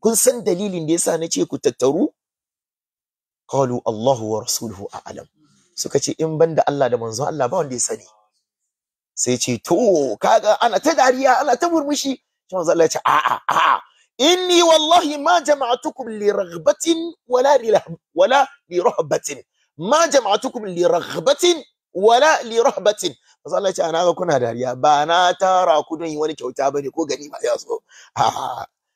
kun san dalilin da yasa nace ku tattaru qalu Allahu wa rasuluhu a'lam suka ce in banda Allah da manzo Allah ba wanda ya sani sai ce to kaga ana ta dariya ana ta murmushi shi manzo Allah ya ce a'a a'a inni wallahi ma jama'atukum li raghbatin wala wala li rahbatin ma jama'atukum li raghbatin wala li rahbatin manzo Allah ce ana ga kuna dariya ba na tara ku don yi wani kyauta bane ko ganima ya zo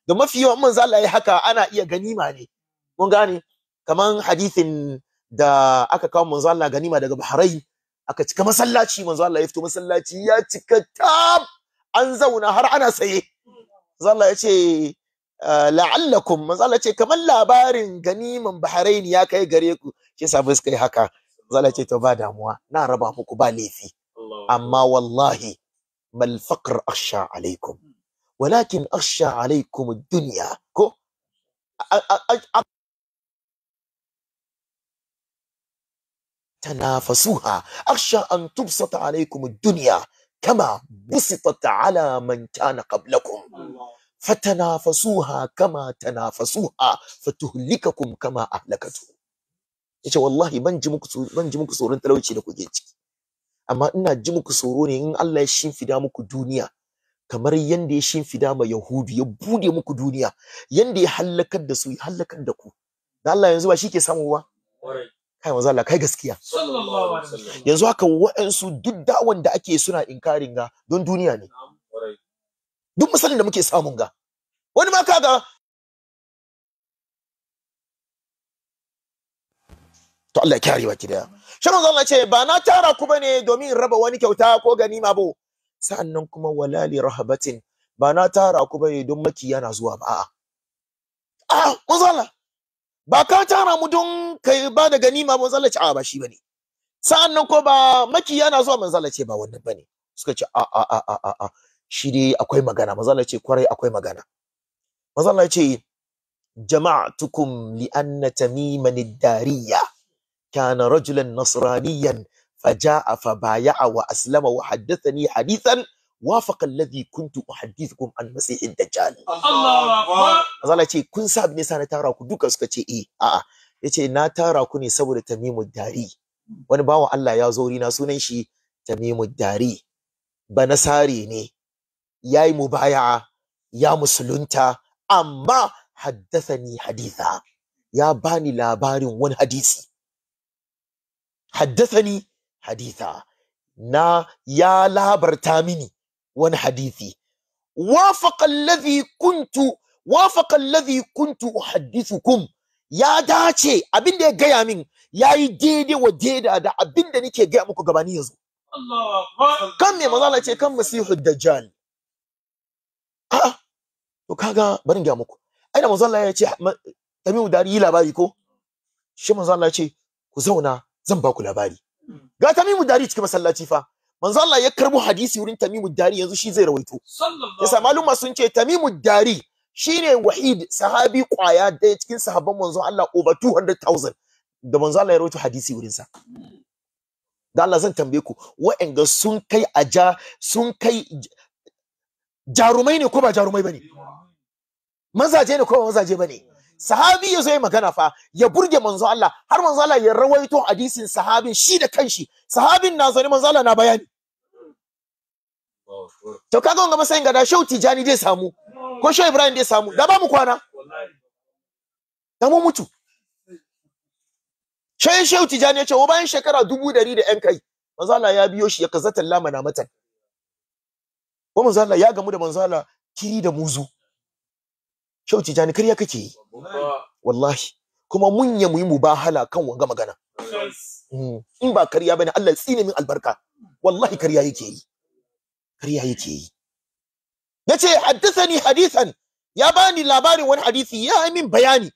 da mafi yawan za Allah yi haka ana iya ganima ne mun gane kaman hadisin da aka kawo manzo Allah ganima daga Bahrain aka cika masallaci manzo Allah ya fito masallaci ya cika tab an zauna har ana saye manzo Allah ya ce la'allakum Allah ce kamar labarin ganiman Bahrain ya kai gare ku Ke sabu suka yi haka manzo ce to ba damuwa na raba muku ba laifi أما والله ما الفقر أخشى عليكم ولكن أخشى عليكم الدنيا كو تنافسوها أخشى أن تبسط عليكم الدنيا كما بسطت على من كان قبلكم فتنافسوها كما تنافسوها فتهلككم كما أهلكتهم yace والله من جمك من جمك ji muku tsoron talauci amma ina ji muku tsoro ne in Allah ya shimfida muku duniya kamar yanda ya shimfida ma Yahudu ya bude muku duniya yanda ya hallakar da su ya hallakar da ku da Allah yanzu ba shi ke samu ba kai manzo Allah kai gaskiya yanzu haka wa'ansu duk da'awan da ake suna inkarin ga don duniya ne duk misalin da muke samun ga wani ma kaga to Allah ya kare baki daya shi manzo ce ba na tara ku bane domin raba wani kyauta ko ganima ba sa'annan kuma Walali rahabatin ba na tara ku bane don makiya na zuwa ba a'a a ba ka tara mu don kai ba da ganima ba? zalla ce a ba shi bane sa'annan ko ba makiya na zuwa manzo zalla ce ba wannan bane suka ce a a a a a shi dai akwai magana manzo zalla ce kwarai akwai magana manzo zalla ce jama'atukum li anna tamiman ad-dariya kana rajulan nasraniyan faja'a fabaya'a wa aslama wa haddathani hadithan wafaqa alladhi kuntu uhaddithukum an masih ad-dajjal Allah ce kun sa ne sa na tara ku duka suka ce eh a'a yace na tara ku ne saboda tamimu dari wani bawan Allah ya zo na sunan shi tamimu dari banasare ne yayi mubaya'a ya musulunta amma haddathani haditha ya bani labarin wani hadisi Haddasani haditha na ya labarta mini wani hadisi wafaqa lafi kuntu wafaqa lafi kuntu uhaddithukum ya dace abin da ya gaya min ya yi daidai wa daida da abin da nake gaya muku gabani yanzu kan me mazala ce kan masihu dajjal a'a to kaga barin gaya muku aina mazala ya ce tamimu dari labari ko shi mazala ya ce ku zauna zan ba ku labari hmm. ga tamimu dari cikin masallaci fa manzo Allah ya karbo hadisi wurin tamimu dari yanzu shi zai rawaito yasa maluma sun ce tamimu dari shine wahid sahabi kwaya daya cikin sahabban manzo Allah over 200,000 da manzo Allah ya rawaito hadisi wurin sa da Allah zan tambaye ku wa'anga sun kai aja sun kai jarumai ne ko ba jarumai bane mazaje ne ko ba mazaje bane sahabi ya zo magana fa ya burge manzo Allah har manzo Allah ya rawaito hadisin sahabin shi da kanshi sahabin na zo manzo Allah na bayani to kaga wanga masayin ga da Shehu Tijani dai samu ko shau Ibrahim zai samu da ba mu kwana da mu mutu Shehu Shehu Tijani ya ce wa bayan shekara dubu dari da yan kai manzo Allah ya biyo shi ya kazatan lamana matan ko manzo Allah ya gamu da manzo Allah kiri da muzu Shehu Tijani kariya kake yi. Wallahi. Kuma mun ya muyi mubahala kan wanga magana. Mm. In ba kariya bane Allah tsine min albarka. Wallahi kariya yake yi. Kariya yake yi. Yace haddathani hadisan ya bani labarin wani hadisi ya min bayani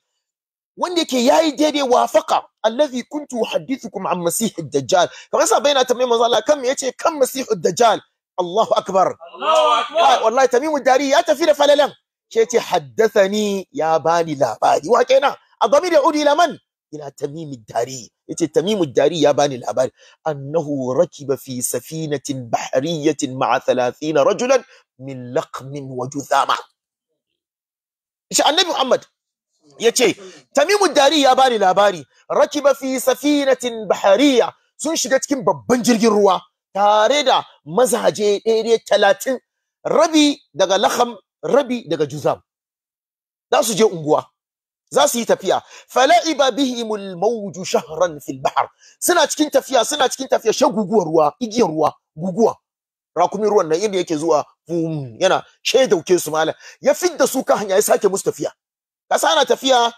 wanda yake yayi daidai wafaka allazi kuntu hadithukum an masih dajjal kamar sa bayyana tamim manzo Allah Ya ce kan masih dajjal Allahu akbar Allahu akbar wallahi tamimu dari ya tafi da falalan sai ce haddathani ya bani labari wa kenan a game da udi laman ila tamimid dari yace tamimud dari ya bani labari annahu rakiba fi safinatin bahriyatin ma'a 30 rajulan min laqmin wa juthama shi annabi Muhammad yace tamimud dari ya bani labari rakiba fi safinatin bahriya sun shiga cikin babban jirgin ruwa tare da mazaje ɗaya talatin rabi daga lakam rabi daga juzam za su je unguwa za su yi tafiya fala'iba bihimul mawju shahran fil bahr suna cikin tafiya suna cikin tafiya shaguguwa guguwar ruwa igiyar ruwa guguwa rakumin ruwan nan inda yake zuwa fum yana she dauke su mala ya fidda su ka hanya ya sake musu tafiya kasa ana tafiya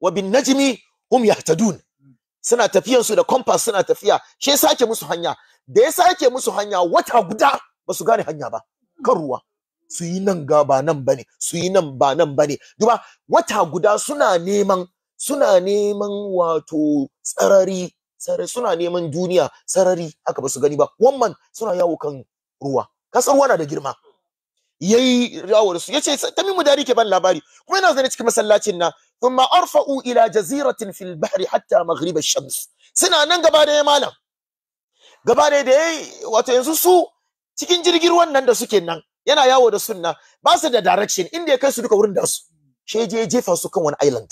wa bin najmi hum yahtadun suna tafiyan su da compass suna tafiya she sake musu hanya da ya sake musu hanya wata guda ba su gane hanya ba kan ruwa su yi nan ga ba nan bane su yi nan ba nan bane duba wata guda suna neman suna neman wato tsarari sarari suna neman duniya sarari haka ba su gani ba wannan suna yawo kan ruwa kasar ruwa da girma yayi yawo da su yace mimu dari ke ban labari kuma yana zane cikin masallacin na arfa'u ila jaziratin fil bahri hatta maghrib ash-shams suna nan gaba da malam gaba da wato yanzu su cikin jirgin ruwan nan da suke nan yana yawo da sunna ba su da direction inda ya kai su duka wurin da su shi je jefa su kan wani island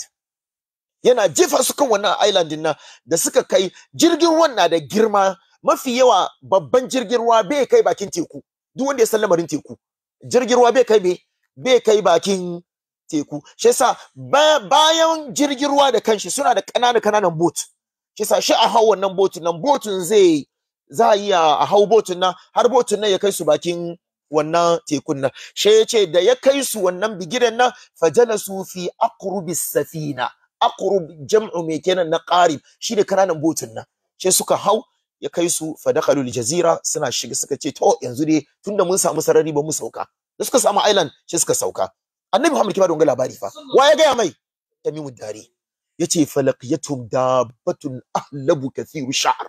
yana jefa su kan wannan island din da suka kai jirgin ruwan na da girma mafi yawa babban jirgin ruwa bai kai bakin teku duk wanda ya san lamarin teku jirgin ruwa bai kai me bai kai bakin teku shi yasa bayan jirgin ruwa da kanshi suna da ƙananan kananan boat shi yasa shi a hau wannan boat nan boat zai za a iya a hau boat nan har boat nan ya kai su bakin wannan tekun nan she yace da ya kai su wannan bigiren nan fajalasu fi aqrubi safina aqrub jam'u mai kenan na qarib shi da kananan botin nan she suka hau ya kai su fadakalu jazira suna shiga suka ce to yanzu dai tunda mun samu sarari ba mu sauka da suka samu island she suka sauka annabi Muhammad kima donga labari fa wa ya gaya mai tamimu dari yace falaqiyatum dabbatun ahlabu kathiru sha'r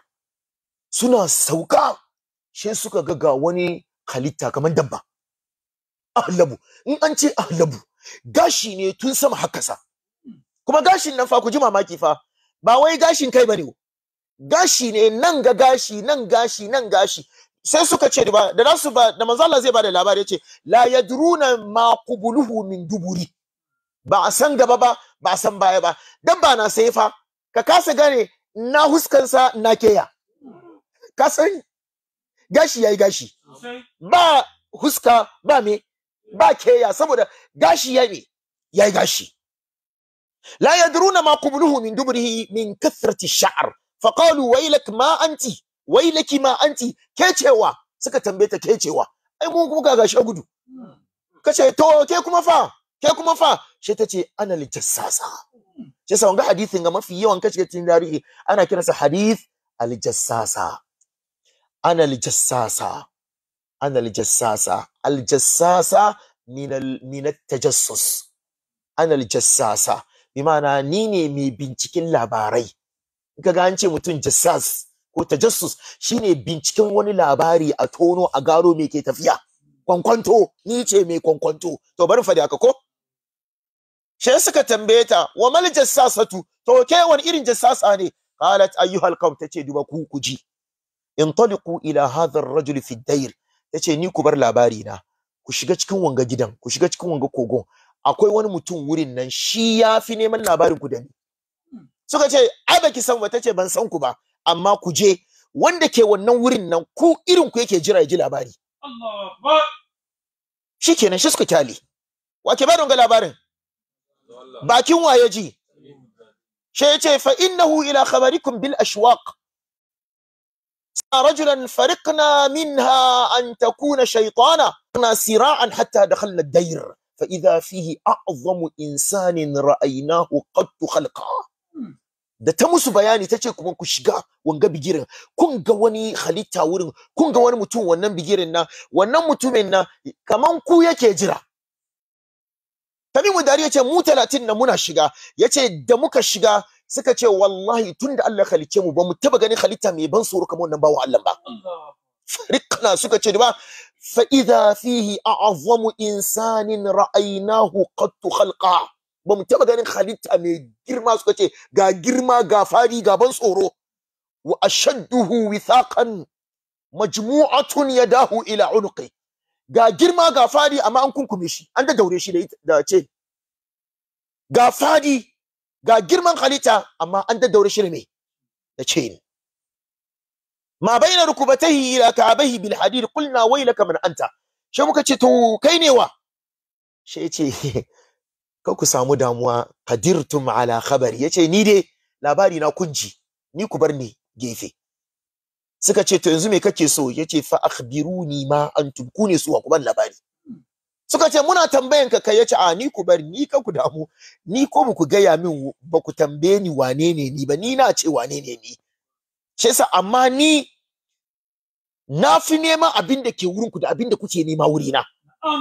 suna sauka she suka ga ga wani halitta kamar dabba ahlabu in an ce ahlabu gashi ne tun sama haka sa kuma gashin nan fa ku ji mamaki fa ba wai gashin kai bane gashi ne nan ga gashi nan gashi nan gashi sai suka ce da nasu ba da manzo Allah zai ba da labari ce. la yadruna ma qubuluhu min duburi ba a san gaba ba ba a san baya ba dabba na sai fa ka kasa gane na huskansa na keya ka san gashi yayi gashi ba huska ba me ba keya saboda gashi ya me ya gashi la yadruna ma qubluhu min dubrihi min kathrati sha'r qalu waylak ma anti waylaki ma anti kecewa suka tambaye ta kecewa ai mun kuka gashi gudu hmm. kace to ke kuma fa ke kuma fa shi tace ana lijassasa shi sa wanga hadithin ga mafi yawan kace cikin tarihi ana kiransa hadith aljassasa ana aljassasa ana aljassasa aljassasa min tajassus ana aljassasa bi ma'ana ni ne mai binciken labarai ka ga ce mutum jassas ko tajassus shine binciken wani labari a tono a gano me ke tafiya kwankwanto ni ce mai kwankwanto to bari fadi haka ko she suka tambaye ta wa mal jassasatu to ke wani irin jassasa ne qalat ayyuhal qaum tace duba ku kuji intaliqu ila hadha ar-rajul fi ad-dair yace ni ku bar labari na ku shiga cikin wanga gidan ku shiga cikin wanga kogon akwai wani mutum wurin nan shi ya fi neman labarin ku da ni suka ce ai baki san ba tace ban san ku ba amma ku je wanda ke wannan wurin nan ku irin ku yake jira ji labari shi kenan shi suka kyale wa ba don ga labarin bakin waye ji shi yace fa innahu ila khabarikum bil ashwaq رجلا فرقنا منها أن تكون شيطانا سراعا حتى دخلنا الدير فإذا فيه أعظم إنسان رأيناه قد خلقا da ta musu bayani ta ce kuma ku shiga wanga bigirin kun ga wani halitta wurin kun ga wani mutum wannan bigirin na wannan mutumin na kaman ku yake jira Tamimu Dari ya ce mu talatin na muna shiga ya ce da muka shiga suka ce wallahi tunda Allah ya halice mu ba mu taba ganin halitta mai ban tsoro kamar wannan bawo Allah ba Farikana suka ce ba fa idha fihi a'zamu insanin ra'aynahu qad khalqa ba mu taba ganin halitta mai girma suka ce ga girma ga fari ga ban tsoro wa ashadduhu withaqan majmu'atun yadahu ila unqi ga girma ga fadi amma an kunkume shi an da daure shi da ce ga fadi ga girman halitta amma an daddaure shi ne da ni. ma baina rukubatayhi ila ka'abahi bil hadid qulna waylaka man anta she muka ce to kai ne wa she yace ka ku samu damuwa qadirtum ala khabar yace ni dai labari na kunji ni ku bar ni gefe suka ce to yanzu me kake so yace fa akhbiruni ma antum kuni su ku bar labari suka ce muna tambayan ka kai yace a ni ku bari ni ka ku damu ni ko ku gaya min ba ku tambaye ni wane ne ni ba ni na ce wane ne ni shi sa amma ni na fi neman abin da ke wurin ku da abin da kuke nema wurina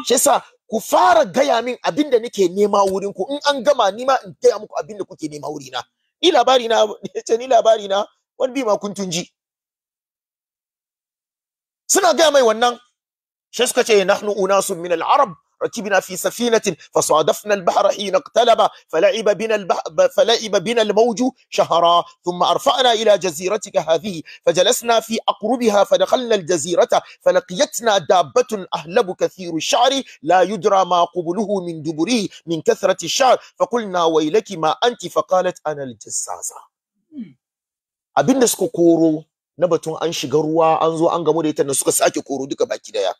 shi sa ku fara gaya min abin da nake nema wurin ku in an gama ni ma in gaya muku abin da kuke nema wurina ni labari na ce ni labari na wani bi ma kun tunji suna gaya mai wannan شسكتي إيه؟ نحن أناس من العرب ركبنا في سفينة فصادفنا البحر حين اقتلب فلعب بنا البحر فلعب بنا الموج شهرا ثم أرفعنا إلى جزيرتك هذه فجلسنا في أقربها فدخلنا الجزيرة فلقيتنا دابة أهلب كثير الشعر لا يدرى ما قبله من دبره من كثرة الشعر فقلنا ويلك ما أنت فقالت أنا الجساسة أبنسك كورو نبتون أنشي na أنزو أنغمو ديتا ruwa an zo an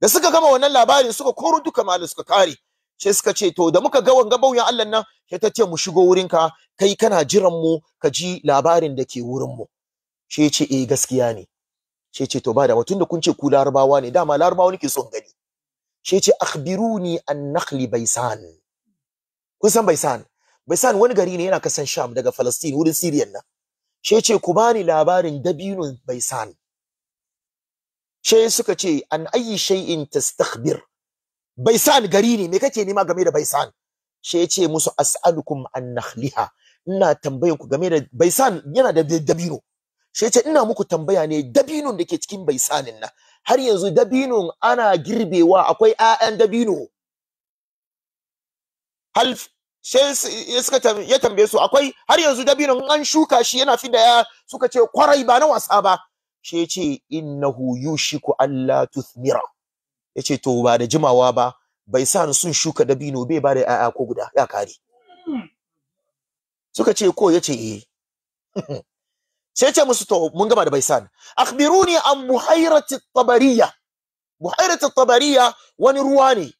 da suka gama wannan labarin suka koro duka malin suka kare sai suka ce to da muka ga wanga bauyan Allah nan sai ta ce mu shigo wurin ka. kai kana jiran mu ka ji labarin da ke wurin mu ya ce eh gaskiya ne ya ce to ba da mutun da kun ce ku larabawa ne dama larabawa nake son gani ya ce akhbiruni an nakhli baisan kun san baisan baisan wani gari ne yana kasan sham daga Palestine wurin Syria nan ya ce ku bani labarin dabinun baisan she suka ce an ayi shay'in tastakhbir baisan gari ne me kake nema game da baisan she ya ce musu as'alukum an nakhliha ina tambayan ku game da baisan yana da dabino she ce ina muku tambaya ne dabinon da ke cikin baisanin nan har yanzu dabinon ana girbewa akwai ayan dabino hal ya tambaye su akwai har yanzu dabinon an shuka shi yana fi da ya suka ce kwarai ba na wasa ba shi yace innahu yushiku allah tuthmira yace to ba da jimawa ba bai sa ni sun shuka dabino bai ba da yaya ko guda ya kare suka ce ko ya ce eh sai ce musu to mun gama da bai sa ni akhbiruni an muhairati tabariya muhairati tabariya wani ruwa ne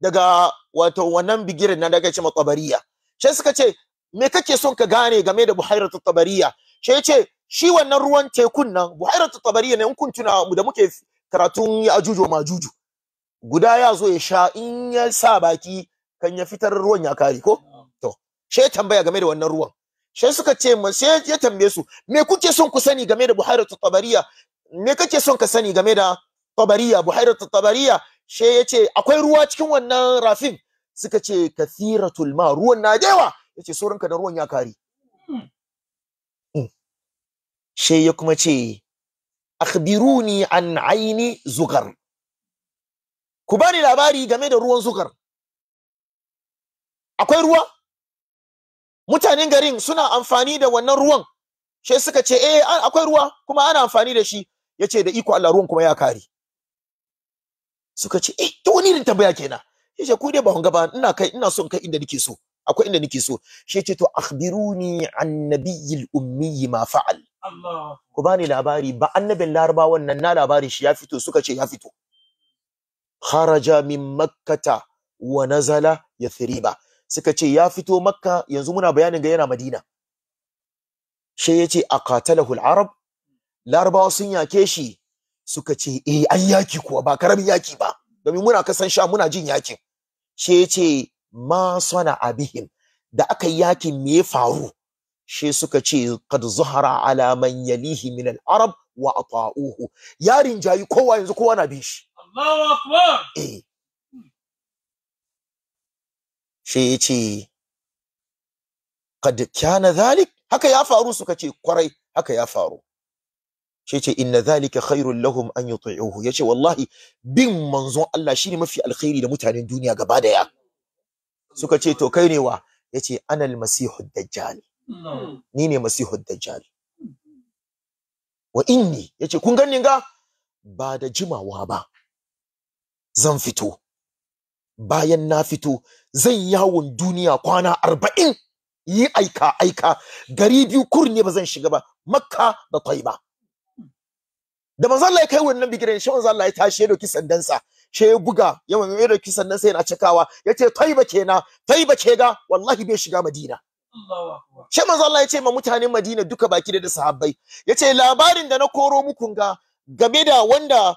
daga wato wannan bigirin nan daga ce tabariya sai suka ce me kake son ka gane game da muhairati tabariya sai ce shi wannan ruwan tekun nan buhairatu tabari ne in kun tuna mu da muke karatun ya ajuju ma ajuju guda ya zo ya sha in ya sa baki kan ya fitar ruwan ya kare ko to she tambaya game da wannan ruwan she suka ce mu sai ya tambaye su me kuke son ku sani game da buhairatu tabariya me kake son ka sani game da tabariya buhairatu tabariya she ya ce akwai ruwa cikin wannan rafin suka ce kathiratul ma ruwan na da yace saurinka da ruwan ya kare hmm. Shai ya kuma ce, Akhbiruni an aini zukar Ku bani labari game da ruwan zukar Akwai ruwa? Mutanen garin suna amfani da wannan ruwan. Shai suka ce, eh akwai ruwa kuma ana amfani da shi. Ya ce da iko Allah ruwan kuma ya kare. Suka ce, eh, ta wani irin tambaya kenan. Ya ce, ku dai ba hunga ba, ina kai, ina son kai inda nake so. Akwai inda nake so. Shi ce, to akhbiruni an nabiyil ummi ma fa'al. ku bani labari ba annabin larabawan nan na labari shi ya fito suka ce ya fito kharaja min makkata wa nazala yathriba suka ce ya fito makka yanzu muna bayanin ga yana madina she yace aqatalahu al-arab larabawa sun yake shi suka ce eh an yaki kuwa ba karamin yaki ba domin muna kasan sha muna jin yakin she yace ma sana abihim da aka yakin me ya faru shi suka ce qad zuhara ala man yalihi min al-arab wa ata'uhu yarin jayi kowa yanzu kowa na bin shi Allahu akbar eh shi yace qad kana dhalik haka ya faru suka ce kwarai haka ya faru shi yace inna dhalika khairul lahum an yuti'uhu yace wallahi bin manzon Allah shine mafi alkhairi da mutanen duniya gaba daya suka ce to kai ne wa yace anal masihud dajjal ni ne masihud dajjal wa inni yace kun gani ga ba da jimawa ba zan fito bayan na fito zan yawon duniya kwana arba'in yi aika aika gari biyu kur ne ba zan shiga ba makka da taiba da manzo Allah ya kai wannan bigiren shi manzo Allah ya tashi ya doki sandansa she ya buga ya mai doki sandansa yana cikawa yace taiba kenan taiba ke ga wallahi bai shiga madina ke manzo Allah ya ce ma mutanen Madina duka baki da sahabbai. Ya ce labarin da na koro muku ga game da wanda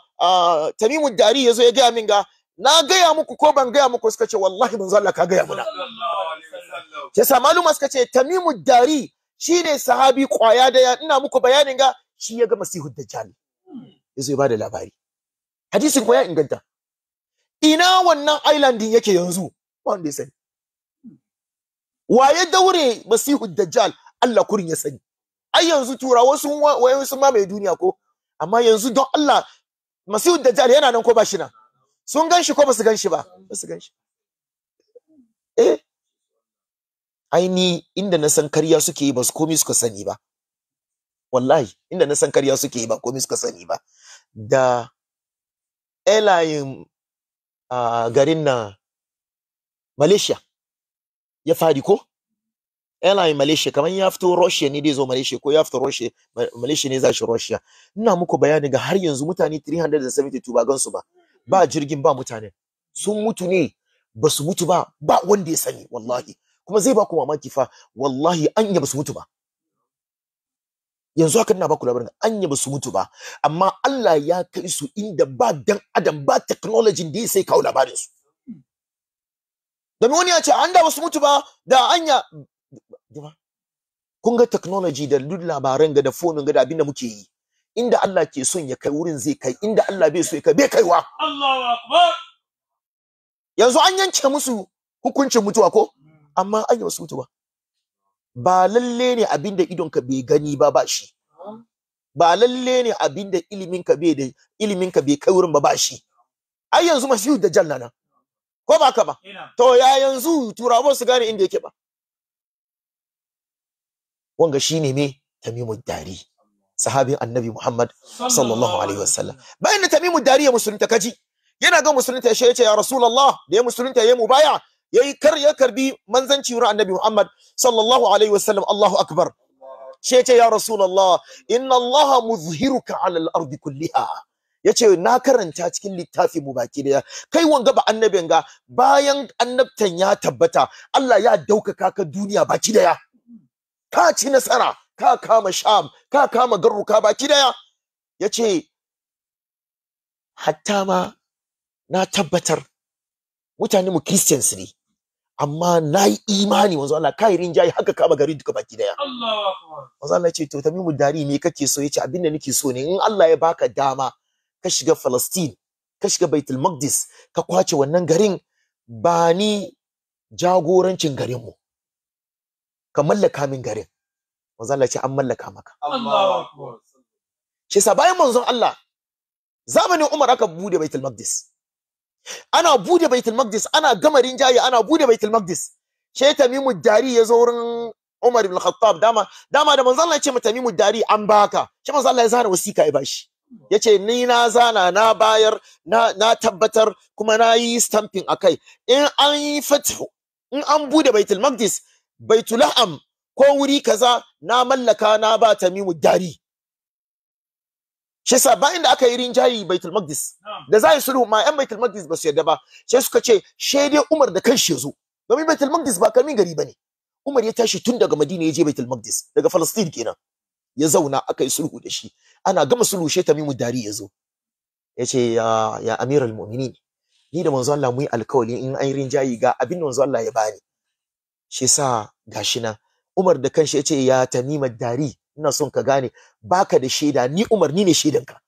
Tamimu Dari ya zo ya gaya min ga na gaya muku ko ban gaya muku suka ce wallahi manzo Allah ka gaya mana. Ya sa maluma suka ce Tamimu Dari shine sahabi kwaya da ya ina muku bayanin ga shi ya ga Masihu Dajjal. Ya zo ya bada labari. Hadisin ko ya inganta. Ina wannan islandin yake yanzu? Wanda ya sani. waye daure masihu dajjal Allah kurin ya sani ai yanzu turawa sun wayoyin sun mai duniya ko amma yanzu don Allah masihu dajjal yana nan ko ba shi nan sun ganshi ko ba su ganshi ba ba su ganshi eh ai ni inda na san karya suke yi ba su komai suka sani ba wallahi inda na san karya suke yi ba komai suka sani ba da airline a ah, garin na Malaysia ya fadi ko airline Malaysia kamar ya fito Russia ne dai zo Malaysia ko ya fito Russia Malaysia ne za shi Russia ina muku bayani ga har yanzu mutane 372 ba gansu ba ba jirgin ba mutane sun mutu ne ba su mutu ba ba wanda ya sani wallahi kuma zai ba ku mamaki fa wallahi anya ba su mutu ba yanzu haka ina ba ku labarin anya ba su mutu ba amma Allah ya kai su inda ba dan adam ba technology da sai kawo labarin su domin wani ya ce an da wasu mutu ba da anya kun ga technology da duk labaran ga da fonin ga da abin da muke yi inda Allah ke son ya kai wurin zai kai inda Allah bai so ya kai bai kaiwa Allahu akbar yanzu an yanke musu hukuncin mutuwa ko amma an yi wasu mutuwa ba lalle ne abin da idonka bai gani ba ba shi ba lalle ne abin da iliminka bai da bai kai wurin ba ba shi ai yanzu masihu da jalla na ko ba ka ba to ya yanzu turawa su gane inda yake ba wanga shi ne me tamimu dari sahabin annabi muhammad sallallahu alaihi wasallam bayan da tamimu dari ya musulunta kaji yana ga musulunta shi ce ya rasulullah da ya musulunta yayi mubaya yayi kar ya karbi manzanci wurin annabi muhammad sallallahu alaihi wasallam allahu akbar shi ce ya rasulullah inna allaha muzhiruka ala al-ardi kulliha yace na karanta cikin littafi mu baki daya kai wanga ba annabin ga bayan annabtan ya tabbata Allah ya daukaka ka duniya baki daya ka ci nasara ka kama sham ka kama garruka baki daya yace hatta ma na tabbatar mutane mu christians ne amma na yi imani wanzu Allah kai rinjaye haka kama gari duka baki daya Allahu akbar wanzu Allah ce to tamimu dari me kake so yace abin da nake so ne in Allah ya baka dama ka shiga Falastin ka shiga Baitul Maqdis ka kwace wannan garin ba ni jagorancin garin mu ka mallaka min garin manzo Allah ya ce an mallaka maka Allahu akbar shi sa bayan manzon Allah zamanin Umar aka bude Baitul Maqdis ana bude Baitul Maqdis ana gama rinjaye ana bude Baitul Maqdis she Tamimu Dari ya zo wurin Umar ibn Khattab dama dama da manzo Allah ya ce mu Tamimu Dari an baka shi manzo Allah ya zana wasika ya bashi yace ni na zana na bayar na, tabbatar kuma na yi stamping akai in an yi in an bude baitul maqdis baitul am ko wuri kaza na mallaka na ba tamimu dari shi bayan da aka yi rinjayi baitul maqdis da za yi sulhu ma yan baitul maqdis ba su yadda ba sai suka ce shede umar da kanshi yazo domin baitul maqdis ba kamin gari bane umar ya tashi tun daga madina ya je baitul maqdis daga falastin kenan ya zauna aka yi sulhu da shi ana gama sulhu she tamimu dari ya zo ya ce ya ya amiral mu'minin ni da manzo Allah mu yi alkawali in an rinjayi ga abin da manzo Allah ya bani shi sa gashi nan Umar da kanshi ya ce ya tamima dari ina son ka gane baka da shaida ni Umar ni ne shaidanka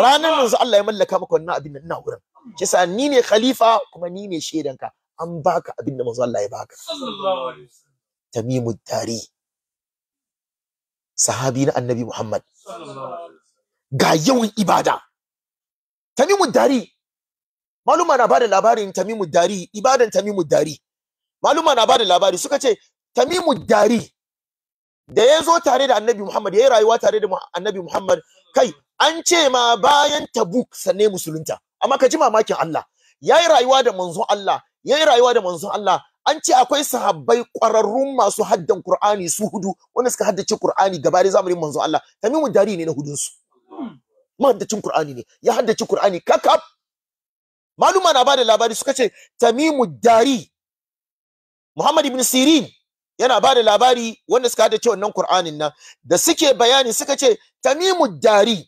ranar manzo Allah ya mallaka maka wannan abin nan ina wurin shi sa ni ne khalifa kuma ni ne shaidanka an baka abin da manzo Allah ya baka tamimu dari sahabi na annabi Muhammad ga yawan ibada tamimu dari maluma na bada labarin tamimu dari ibadan tamimu dari maluma na bada labari suka ce tamimu dari da ya zo tare da annabi Muhammad ya yi rayuwa tare da annabi Muhammad kai an ce ma bayan tabuk sanne musulunta amma ka ji mamakin Allah ya yi rayuwa da manzon Allah ya yi rayuwa da manzon Allah an ce akwai sahabbai ƙwararrun masu haddan Qur'ani su hudu wanda suka haddace Qur'ani gaba da zamanin manzon Allah Tamimu Dari ne na hudun su mahaddacin Qur'ani ne ya haddace Qur'ani kakab. maluma na bada labari suka ce Tamimu Dari Muhammad ibn Sirin yana bada labari wanda suka haddace wannan Qur'anin nan da suke bayani suka ce Tamimu Dari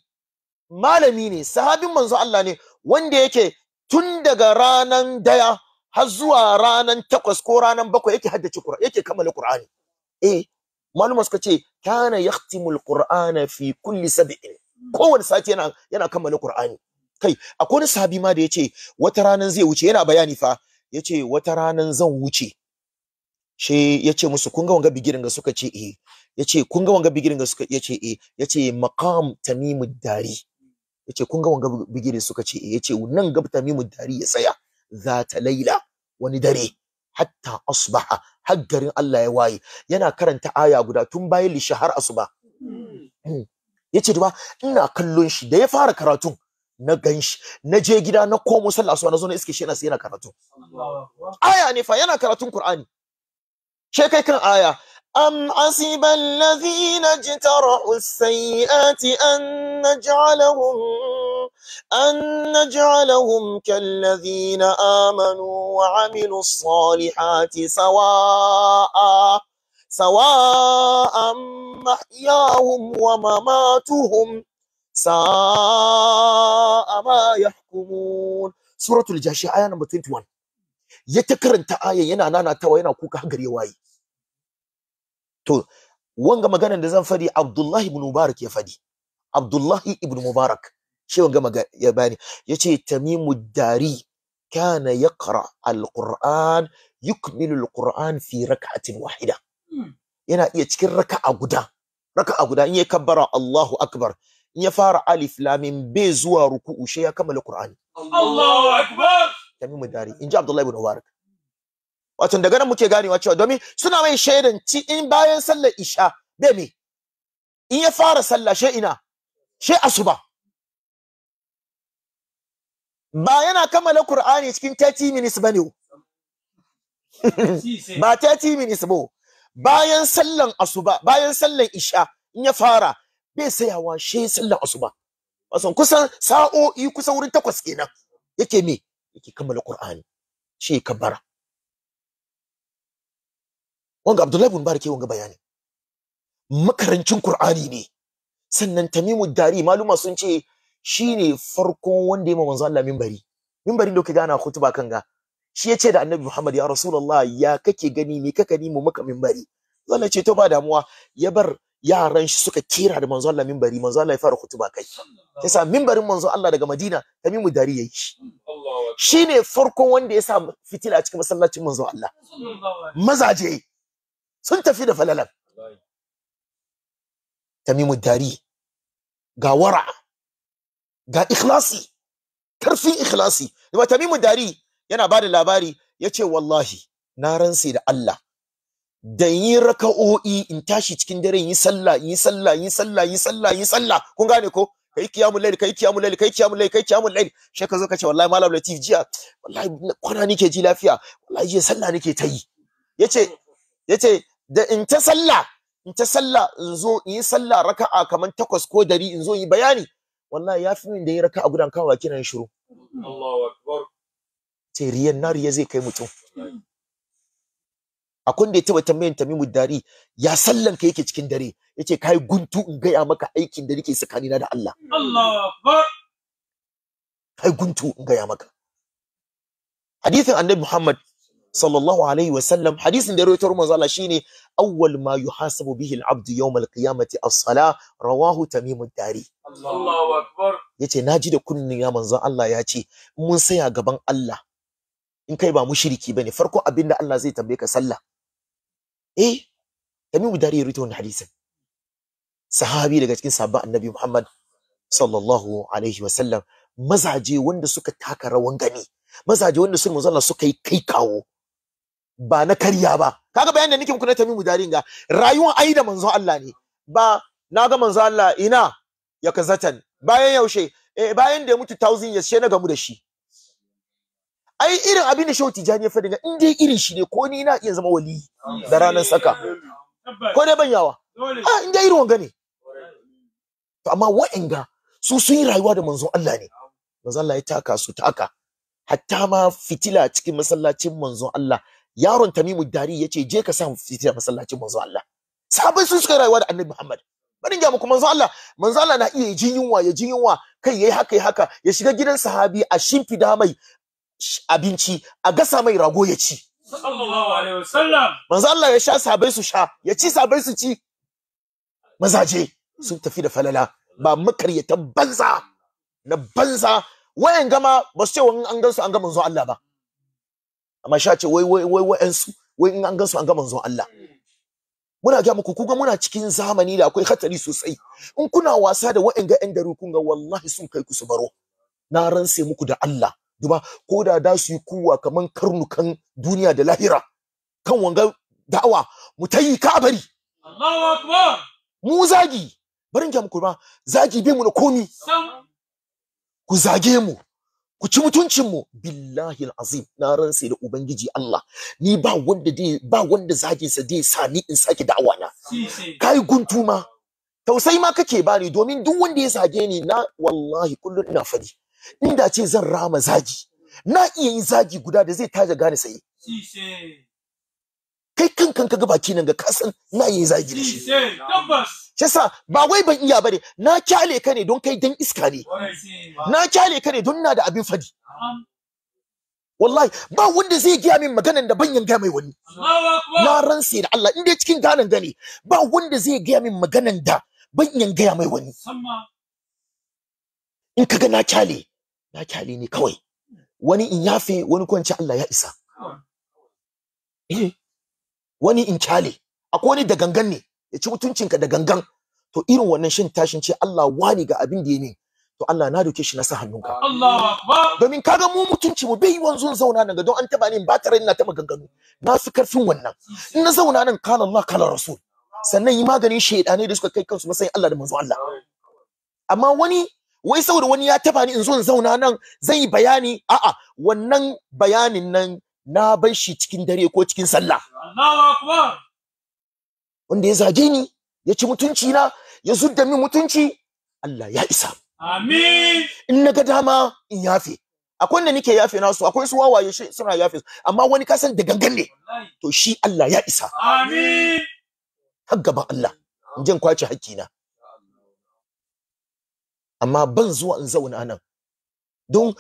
malami ne sahabin manzon Allah ne wanda yake tun daga ranan daya har zuwa ranan takwas ko ranan bakwai yake haddace Qur'ani yake kammala Qur'ani eh maluma suka ce kana yahtimul Qur'ana fi kulli sab'in kowane sati yana yana kammala Qur'ani kai akwai wani sahabi ma da yace wata ranan zai wuce yana bayani fa yace wata ranan zan wuce she yace musu kun ga wanga bigirin ga suka ce eh yace kun ga wanga bigirin ga suka yace eh yace maqam tamimud dari yace kun ga wanga bigirin suka ce eh yace nan gab tamimud dari ya tsaya zata laila wani dare hatta asbaha har garin Allah ya waye yana karanta aya guda tun bayan lishi har asuba yace duba ina kallon shi da ya fara karatu na ganshi na je gida na komo sallah asuba na zo na iske shi yana sai yana karatu aya ne fa yana karatun Qur'ani she kai kan aya أم حسب الذين اجترحوا السيئات أن نجعلهم أن نجعلهم كالذين آمنوا وعملوا الصالحات سواء سواء محياهم ومماتهم ساء ما يحكمون سورة الجاشعة آية نمبر 21 يتكرن تآية ينا نانا توا ينا كوكا هجر يواي to wanga maganar da zan fadi Abdullahi ibn Mubarak ya fadi Abdullahi ibn Mubarak shi wanga ya bani yace Tamimu Dari kana yaqra al-Qur'an yukmilu al-Qur'an fi raka'atin wahida hmm. yana iya cikin raka'a guda raka'a guda in ya kabbara Allahu akbar in ya fara alif lam mim bai zuwa ruku'u shi ya kammala Qur'ani Allahu akbar Tamimu Dari ji Abdullahi ibn Mubarak wato daga nan muke ganewa cewa domin suna mai shaidan ci in bayan sallar isha bai me in ya fara sallah she ina she asuba ba yana kammala qur'ani cikin 30 minutes bane ba 30 minutes ba bayan sallan asuba bayan sallan isha in ya fara bai sayawa she sallan asuba wasan kusan sa'o'i kusan wurin takwas kenan yake me yake kammala qur'ani shi kabbara wanga Abdullahi bin Barke wanga bayani makarancin Qur'ani ne sannan Tamimu Dari maluma sun ce shine farko wanda ya ma manzo Allah minbari minbarin da kaga gana khutba kan ga shi yace da Annabi Muhammad ya Rasulullah ya kake gani me kaka mu maka minbari wannan ce to ba damuwa ya bar yaran shi suka kira da manzo Allah minbari manzo Allah ya fara khutba kai yasa minbarin manzo Allah daga Madina Tamimu Dari yayi shi shine farko wanda ya sa fitila a cikin masallacin manzo Allah mazaje sun tafi da falalan tamimu dari ga wara ga ikhlasi karfin ikhlasi da tamimu dari yana ba da labari ya ce wallahi na ransa da Allah da yi raka'o'i in tashi cikin dare yi sallah yi sallah yi sallah yi sallah yi sallah kun gane ko kai kiyamul lail kai kiyamul lail kai kiyamul lail kai kiyamul lail sai ka zo ka ce wallahi malam latif jiya wallahi kwana nake ji lafiya wallahi jiya sallah nake ta yi yace yace da in ta sallah in ta sallah in zo in yi sallah raka'a kamar takwas ko dari in zo in yi bayani wallahi ya fi min da yi raka'a kan kawa kiran shiru Allahu akbar riya nariya zai kai mutum akwai da ya taba tambayin Tamimu Dari ya sallan ka yake cikin dare yace kai guntu in gaya maka aikin da nake tsakanina da Allah Allahu akbar kai guntu in gaya maka hadisin Annabi Muhammad sallallahu alaihi wasallam hadisin da ya rawaito manzo Allah shine awwal ma yuhasabu bihi al-abd yawm al-qiyamati as-sala rawahu tamim ad-dari Allahu akbar yace naji da kunni ya manzo Allah yace mun saya gaban Allah in kai ba mushriki bane farko abinda Allah zai tambaye ka sallah eh tamim ad-dari ya rawaito wannan hadisin sahabi daga cikin sahabban annabi Muhammad sallallahu alaihi wasallam mazaje wanda suka taka rawan gani mazaje wanda sun manzo Allah suka yi kai kawo ba na karya ba kaga bayanin da nake muku na tamimu jaringa rayuwar ai da manzon Allah ne ba na ga manzon Allah ina ya kazatan bayan yaushe eh, bayan da ya mutu 1000 years she na gamu da shi ai irin abin da Shehu Tijani ya faɗi in dai irin shi ne ko ni na iya zama wali da ranar saka ko dai ban yawa ah in dai irin wanga ne to amma wa'anga su sun yi rayuwa da manzon Allah ne manzon Allah ya taka su taka hatta ma fitila cikin masallacin manzon Allah yaron tamimu dari ya ce je ka sa fitina masallacin manzo Allah sabai sun suka rayuwa da annabi Muhammad bari ga muku manzo Allah manzo Allah na iya jin yunwa ya jin yunwa kai yayi haka yayi haka ya shiga gidan sahabi a shimfida mai abinci a gasa mai rago ya ci sallallahu alaihi wasallam manzo Allah ya sha sabai su sha ya ci sabai su ci mazaje sun tafi da falala ba makaryatan banza na banza wayan gama ba su ce wani an gan su an ga manzo Allah ba amma sha ce wai wai wai wai in an gansu an ga manzon Allah muna ga muku kuga muna cikin zamani da akwai hatsari sosai in kuna wasa da ga yan dare kun ga wallahi sun kai ku su baro na ranse muku da Allah duba ko da da su yi kuwa kaman karnukan duniya da lahira kan wanga da'awa mu tayi kabari Allahu akbar mu zagi barin ga muku ba zagi bi mu na komi ku zage mu ku ci mutuncinmu billahi azim na rantse da ubangiji Allah ni ba wanda dai ba wanda zaginsa dai sa ni in sake da'awa na kai guntu ma tausayi ma kake bani domin duk wanda ya zage ni na wallahi kullun ina fadi inda ce zan rama zagi na iya yin zagi guda da zai taja gane sai kai kankan kaga baki nan ga kasan na iya zagi da shi tabbas Shesa ba wai ban iya bane na kyale ka ne don kai dan iska ne. Na kyale ka ne don na da abin fadi. Wallahi ba wanda zai giya min maganan da ban yanga mai wani. Na ransa da Allah in dai cikin ganan gani ba wanda zai giya min maganan da ban yanga mai wani. In kaga na kyale na kyale ne kawai. Wani in yafe wani ko Allah ya isa. Eh wani in kyale akwai wani da gangan ne. ya ci mutuncinka da gangan to irin wannan shin tashin ce Allah wani ga abin da ya ne. to Allah na doke shi na sa hannunka domin kaga mu mutunci mu bai wanzu zauna nan ga don an taba ni ba tare ina ta maganganu na su karfin wannan in na zauna nan kana Allah kana rasul sannan yi maganin shedane da suka kai kansu masayin Allah da manzo Allah amma wani wai saboda wani ya taba ni in zo in zauna nan zan yi bayani a'a wannan bayanin nan na bar shi cikin dare ko cikin sallah Allahu akbar wanda ya zage ni ya ci mutunci na ya zudda min mutunci Allah ya isa amin in na ga dama in yafe akwai da nike yafe nasu akwai su wawaye shi suna yafe su amma wani ka san da gangan ne to shi Allah ya isa amin har gaban Allah in jin kwace na. amma ban zuwa in zauna nan don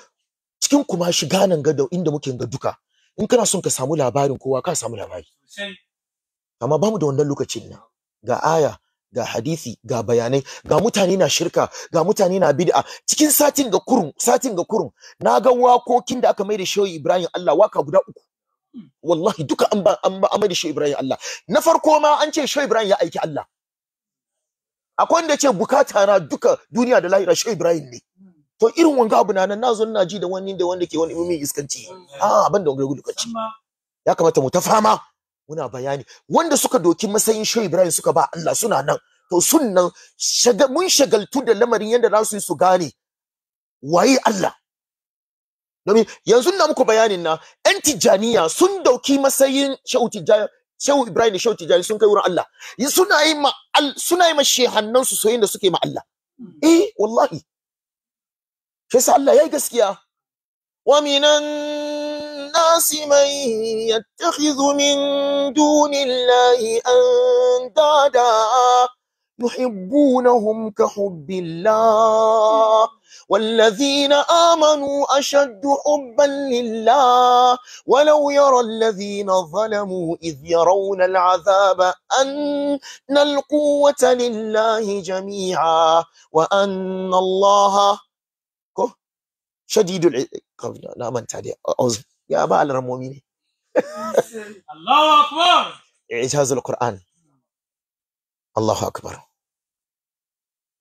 cikin kuma shiga nan ga inda muke ga duka in kana son ka samu labarin kowa ka samu labari amma bamu da wannan lokacin nan ga aya ga hadisi ga bayanai ga mutane na shirka ga mutane na bid'a cikin satin ga kurun satin ga kurun na ga wakokin da aka maida shehu Ibrahim Allah waka guda uku wallahi duka an ba an maida shehu Ibrahim Allah na farko ma an ce shehu Ibrahim ya aiki Allah akwai wanda ce bukata na duka duniya da lahira shehu Ibrahim ne to irin wanga abu na nan nazo na ji da wani da wanda ke wani mai iskanci mm. a ah, ban da wani lokaci ya kamata mu ta fama muna bayani wanda suka doki masayin shehu ibrahim suka ba Allah suna nan to sunnan shaga mun shagaltu da lamarin yadda za su yi su gane waye Allah domin yanzu na muku bayanin na yan tijjaniya sun dauki masayin shehu ibrahim da shehu sun kai wurin Allah suna yi ma suna yi ma shehannan su soyayyen da suke ma Allah eh wallahi shi Allah yayi gaskiya wa minan الناس من يتخذ من دون الله أندادا يحبونهم كحب الله والذين آمنوا أشد حبا لله ولو يرى الذين ظلموا إذ يرون العذاب أن القوة لله جميعا وأن الله شديد العقاب لا من تعدي عليه ya ba alramomi ne Allahu akbar i'jazul qur'an Allahu akbar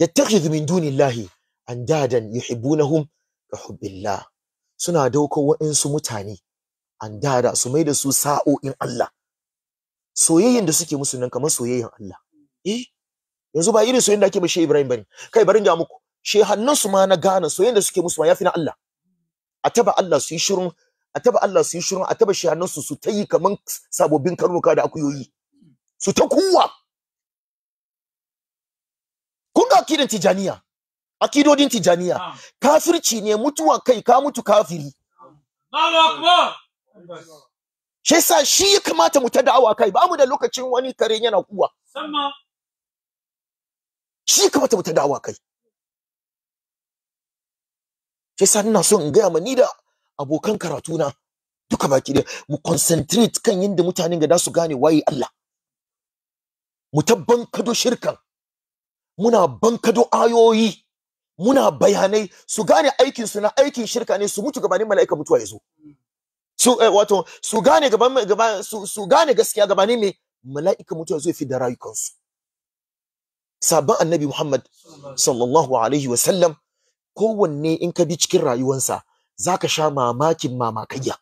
Ya yattakhidhu min dunillahi andadan yuhibbunahum ka hubbillah suna daukar waɗansu mutane andada su mai da su sa'o'in Allah soyayyen da suke musu nan kamar soyayyen Allah eh yanzu ba irin soyayyen da ake bashi Ibrahim bane kai barin ga muku shehannansu ma na gane soyayyen da suke musu ma fi na Allah a taba Allah su yi shirin a taba Allah su yi shirin a taba shahanansu su ta yi kamar sabobin karnuka da akuyoyi su ta kuwa kun ga akidan tijaniya akidodin tijaniya kafirci ne mutuwa kai ka mutu kafiri shi sa shi ya kamata mu ta da'awa kai ba mu da lokacin wani kare yana kuwa shi ya kamata mu ta da'awa kai shi sa ina so in gaya ma ni da abokan karatu na duka baki da mu concentrate kan yadda mutanen ga su gane waye Allah mu tabban kado shirkan muna bankado ayoyi muna bayanai su gane aikin su na aikin shirka ne su mutu gabanin mala'ika mutuwa ya zo su eh, wato su gane gaban gaba su gane gaskiya gabanin me mala'ika mutuwa zai fi da rayukansu saban annabi Muhammad sallallahu alaihi wa sallam kowanne in ka bi cikin rayuwansa zaka sha mamakin mamakayya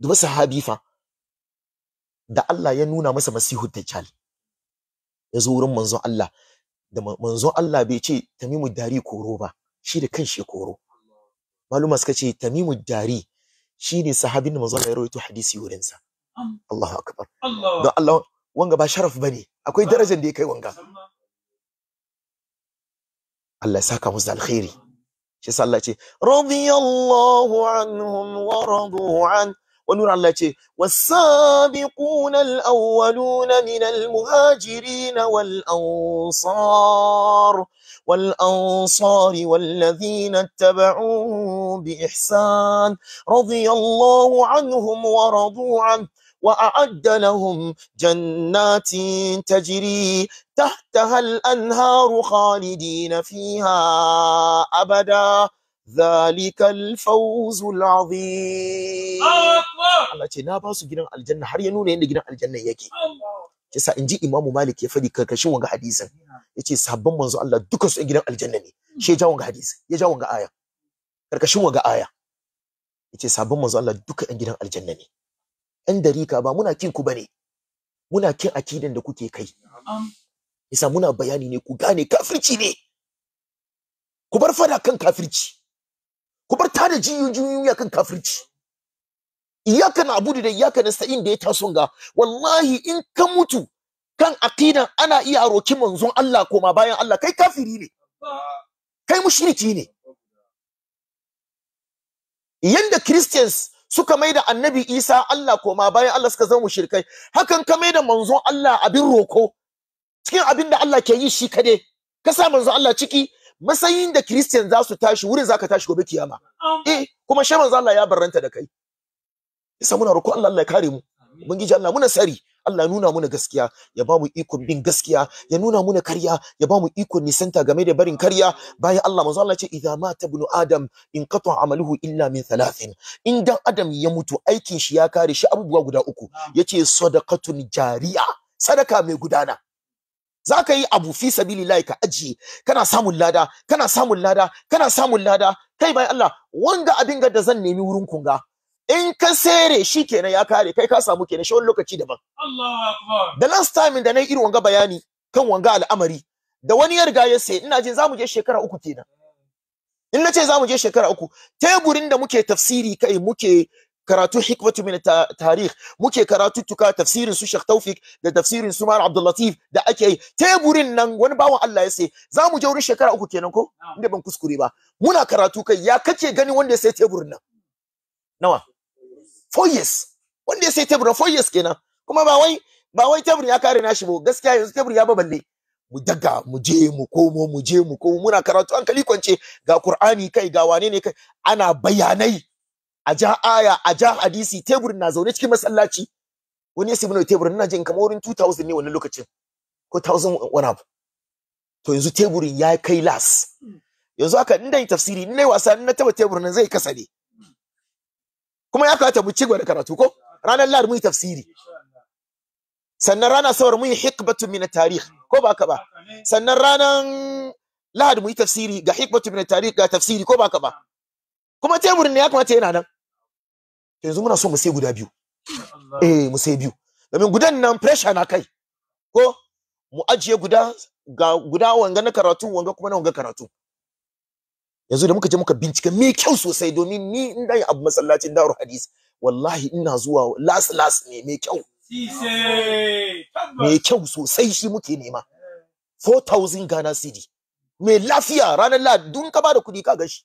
duba sahabi fa da Allah ya nuna masa masihu dajjal ya zo wurin manzo Allah da manzo Allah bai ce tamimu dari koro ba shi da kanshi ya koro maluma suka ce tamimu dari shine sahabin da manzon Allah ya rawaito hadisi wurin sa Allahu akbar don Allah wanga ba sharaf bane akwai darajar da ya kai wanga Allah ya saka musu alkhairi shi sa Allah رضي الله عنهم ورضوا radu ونور الله يتي والسابقون الأولون من المهاجرين والأنصار والأنصار والذين اتبعوا بإحسان رضي الله عنهم ورضوا عنه وأعد لهم جنات تجري تحتها الأنهار خالدين فيها أبدا ذلك الفوز العظيم Allah ce na ba su gidan aljanna har ya nuna yadda gidan aljanna yake kisa ji Imam Malik ya fadi karkashin wanga hadisin ce sabon manzo Allah duka su gidan aljanna ne shi ya ja wanga hadisin ya ja wanga aya karkashin wanga aya Ya ce sabon manzo Allah duka ɗan gidan aljanna ne 'yan dariƙa ba muna kin ku bane muna kin akidan da kuke kai yasa muna bayani ne ku gane kafirci ne ku bar fada kan kafirci ku bar tada jiyoyi kan kafirci iyaka na abudu da iyaka na sa'in da ya taso ga wallahi in ka mutu kan akidan ana iya roki manzon Allah koma bayan Allah kai kafiri ne kai mushriki ne yanda christians suka mai da annabi Isa Allah koma bayan Allah suka zama shirkai hakan ka mai da manzon Allah abin roko cikin abin da Allah ke yi shi kade ka sa manzon Allah ciki masayin da Christian za su tashi wurin zaka tashi gobe kiyama eh kuma shi manzon Allah ya barranta da kai isa muna roko Allah Allah ya kare mu ubangiji Allah muna sari Allah nuna muna gaskiya ya ba mu ikon bin gaskiya ya nuna muna karya ya ba mu ikon nisanta game da barin karya bayan Allah manzo Allah ce idza mata ibnu adam in qata amaluhu illa min thalathin in dan adam ya mutu aikin shi ya kare shi abubuwa guda uku yace sadaqatun jariya sadaka mai gudana zaka yi abu fi sabilillahi ka ajiye kana samun lada kana samun lada kana samun lada kai bayan Allah wanda abin ga da zan nemi wurin kunga in ka sere shi kenan ya kare kai ka samu kenan shi wani lokaci daban Da the last time da na yi irin wanga bayani kan wanga al'amari da wani ya riga ya sai ina za zamu je shekara uku kenan in nace zamu je shekara uku teburin da muke tafsiri kai muke karatu hikmatu min tarikh muke karatu tuka tafsirin su shekh Tawfik da tafsirin su Mar Abdul da ake yi teburin nan wani bawan Allah ya Za zamu je wurin shekara uku kenan ko inda ban kuskure ba muna karatu kai ya kake gani wanda ya sai teburin nan nawa four years wanda ya sai tebur four years kenan kuma ba wai ba wai tebur ya kare nashi ba gaskiya yanzu tebur ya baballe mu daga mu je mu komo mu je mu komo muna karatu hankali kwance ga qur'ani kai ga wane ne kai ana bayanai a ja aya a ja hadisi tebur na zaune cikin masallaci wani yasi mana tebur ina jin kamar wurin 2000 ne wannan lokacin ko 1000 wani abu to yanzu teburin ya kai las hmm. yanzu haka inda yi tafsiri in dai wasa in na taba teburin nan zai kasa ne kuma ya kamata mu ci gaba da karatu ko ranar lahadi mun yi tafsiri sannan rana sawar mu yi hikbatu min tarikh ko ba ka ba sannan ranar lahadi mu yi tafsiri ga hikbatu min tarikh ga tafsiri ko ba ka ba kuma teburin ne ya kamata yana nan yanzu muna so mu sai guda biyu eh mu sai biyu domin gudan nan pressure na kai ko mu ajiye guda ga guda wanga na karatu wanga kuma na wanga karatu yanzu da muka je muka bincika me kyau sosai domin ni in dai abu masallacin darul hadisi wallahi ina zuwa las las ne me kyau me kyau sosai shi muke nema 4000 Ghana cedi me lafiya ranar la dun ka bada kudi ka gashi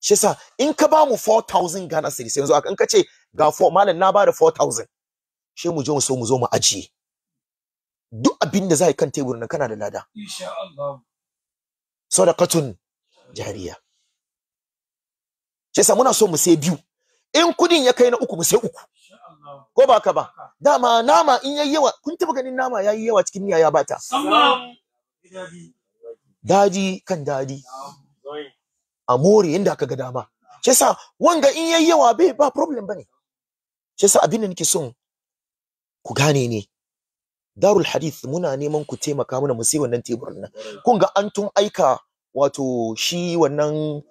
shi sa in ka ba mu 4000 Ghana cedi sai yanzu in ka ce ga for malam na bada 4000 shi mu je mu so mu zo mu ajiye duk abin da za kan teburin nan kana da lada insha Allah sadaqatun jariya shi muna so mu sai biyu in kudin ya kai na uku mu sai uku ko ba ka ba dama nama in yayi yawa kun taba ganin nama yayi yawa cikin miya ya bata daji kan daji a more aka ga dama shi yasa wanga in yayi yawa bai ba problem bane shi yasa abin da nake son ku gane ne darul hadith muna neman ku taimaka mana mu sai wannan teburin nan kun ga an tun aika wato shi wannan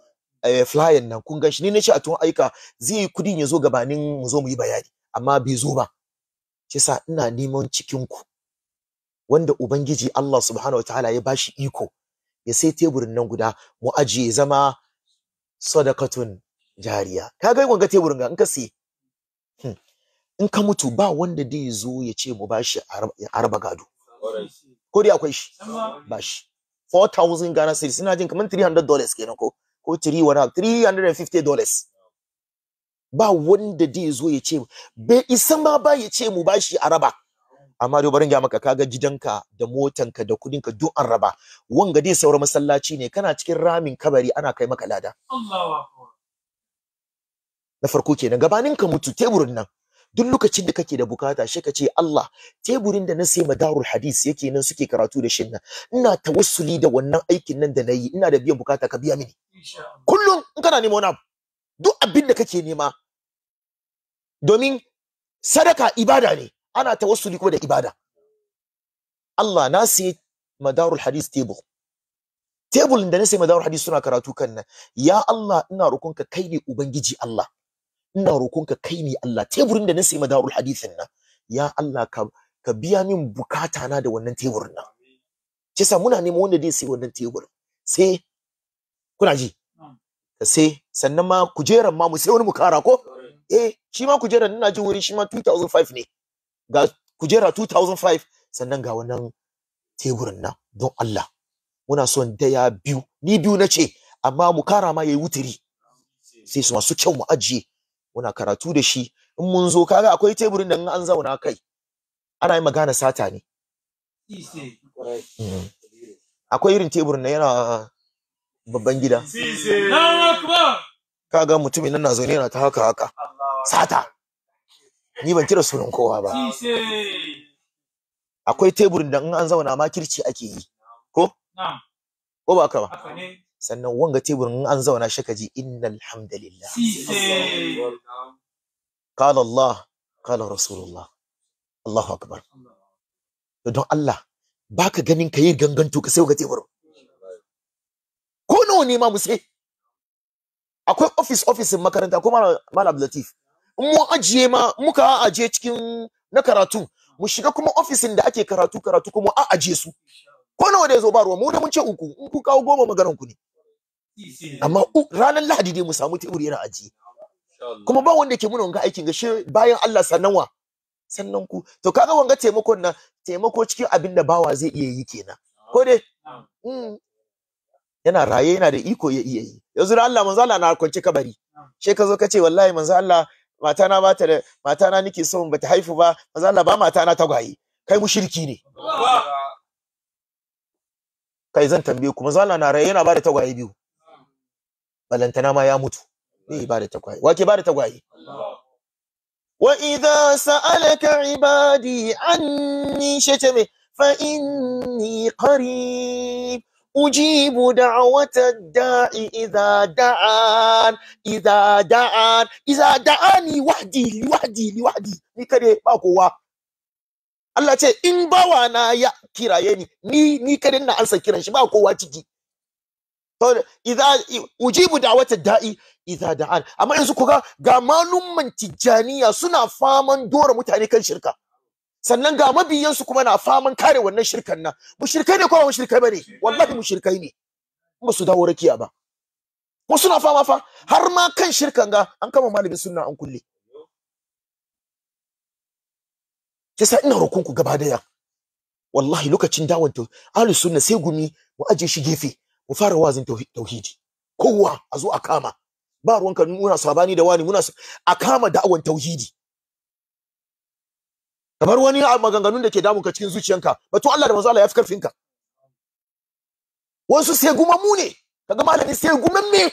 eh, flying nan kun gan shi ni ce a tun aika zai yi kudin ya zo gabanin mu zo mu yi bayani amma bai zo ba shi sa ina neman cikin ku wanda ubangiji Allah subhanahu ta'ala ya bashi iko ya sai teburin nan guda mu ajiye zama sadakatun jariya ka ga gwanga teburin ga in ka sai hmm. in ka mutu ba wanda zai zo ya ce mu bashi araba gado ko dai akwai shi ba shi 4000 Ghana cedis ina jin kaman 300 dollars kenan ko ko 3 350 dollars ba wanda da zo ya ce Be isan ma ba ya ce mu bashi a raba amma dai barin ga maka kaga gidanka da motanka da ka duk an raba wanga dai saura masallaci ne kana cikin ramin kabari ana kai maka lada Allahu akbar na farko kenan gabanin ka mutu teburin nan duk lokacin da kake da bukata shi kace Allah teburin da na sai madarul hadis yake nan suke karatu da shin nan ina tawassuli da wannan aikin nan da nayi ina da biyan bukata ka biya mini kullum in kana neman wani duk abin da kake nema domin sadaka ibada ne ana tawassuli kuma da ibada Allah na sai madarul hadis tebur tebulin da na sai madarul hadis suna karatu kan nan ya Allah ina rukunka kai ne ubangiji Allah ina ka kai ne Allah teburin da na sai madarul hadithin nan ya Allah ka ka biya min bukata na da wannan teburin nan shi sa muna neman wanda zai sai wannan teburin sai kuna ji ka sai sannan ma kujeran ma mu sai wani mukara ko eh shi ma kujeran ina ji wuri shi ma 2005 ne ga kujera 2005 sannan ga wannan teburin nan don Allah muna son daya biyu ni biyu na ce amma mukara ma yayi wutiri sai su masu kyau mu ajiye muna karatu da shi in mun zo kaga akwai teburin da in an zauna kai ana yi magana sata ne mm. akwai irin teburin na yana babban gida kaga mutumin nan na zaune yana ta haka haka sata ni ban kira sunan kowa ba akwai teburin da in an zauna ma kirci ake yi ko ko ba ka ba sannan wanga teburin an zauna shi ka ji innal hamdalillah qala Allah qala rasulullah Allahu akbar don Allah baka ganin ka yi ganganto ka sai ga teburin ko nawa ne ma mu sai akwai office office makaranta ko malam latif mu ajiye ma muka ajiye cikin na karatu mu shiga kuma ofisin da ake karatu karatu kuma a ajiye su ko nawa da yazo ba ruwa mu da mun ce uku in ku kawo goma maganar ku ne amma ranar lahadi dai mu samu tebur yana aji kuma ba wanda ke muna wanga aikin gashi bayan Allah sanawa sannan ku to kaga wanga taimakon na taimako cikin abin da bawa zai iya yi kenan ko dai mm. yana raye yana da iko ya iya yi yanzu da Allah manzo Allah na kwance kabari she ka zo ka ce wallahi manzo Allah mata ba ta da na nake so ba ta haifu ba manzo Allah ba mata na tagwaye kai mushriki ne kai zan tambaye ku manzo Allah na raye yana ba da tagwaye biyu balantana ma ya mutu zai ba da tagwaye wa ke ba da tagwaye wa idza sa'alaka ibadi anni shatame fa inni qarib أجيب دعوة da'an إذا دعان إذا دعان wahdi دعاني wahdi Ni kare, ba kowa. Allah ce in na ya kiraye ni ni ni kadin na ansa kiran shi ba kowa ciki saboda da ujibu da'wata da'i idza da'an amma yanzu kuga ga malumman tijjaniya suna faman dora mutane kan shirka sannan ga mabiyansu kuma na faman kare wannan shirkan nan mushrikai ne ko ba mushrikai bane wallahi mushrikai ne ba su dawo rakiya ba ko suna fama fa har ma kan shirkan ga an kama malamin sunna an kulle kisa ina roƙon ku gaba daya wallahi lokacin dawanto ahlus sunna sai gumi mu aje shi gefe mu fara wazin tauhidi kowa a zo a kama ba ruwanka muna sabani da wani muna a kama da'awan tauhidi kamar wani a maganganun da ke damunka cikin zuciyanka Ba to Allah da manzo Allah ya fi karfinka wasu sai gumamu ne kaga malami sai gumamme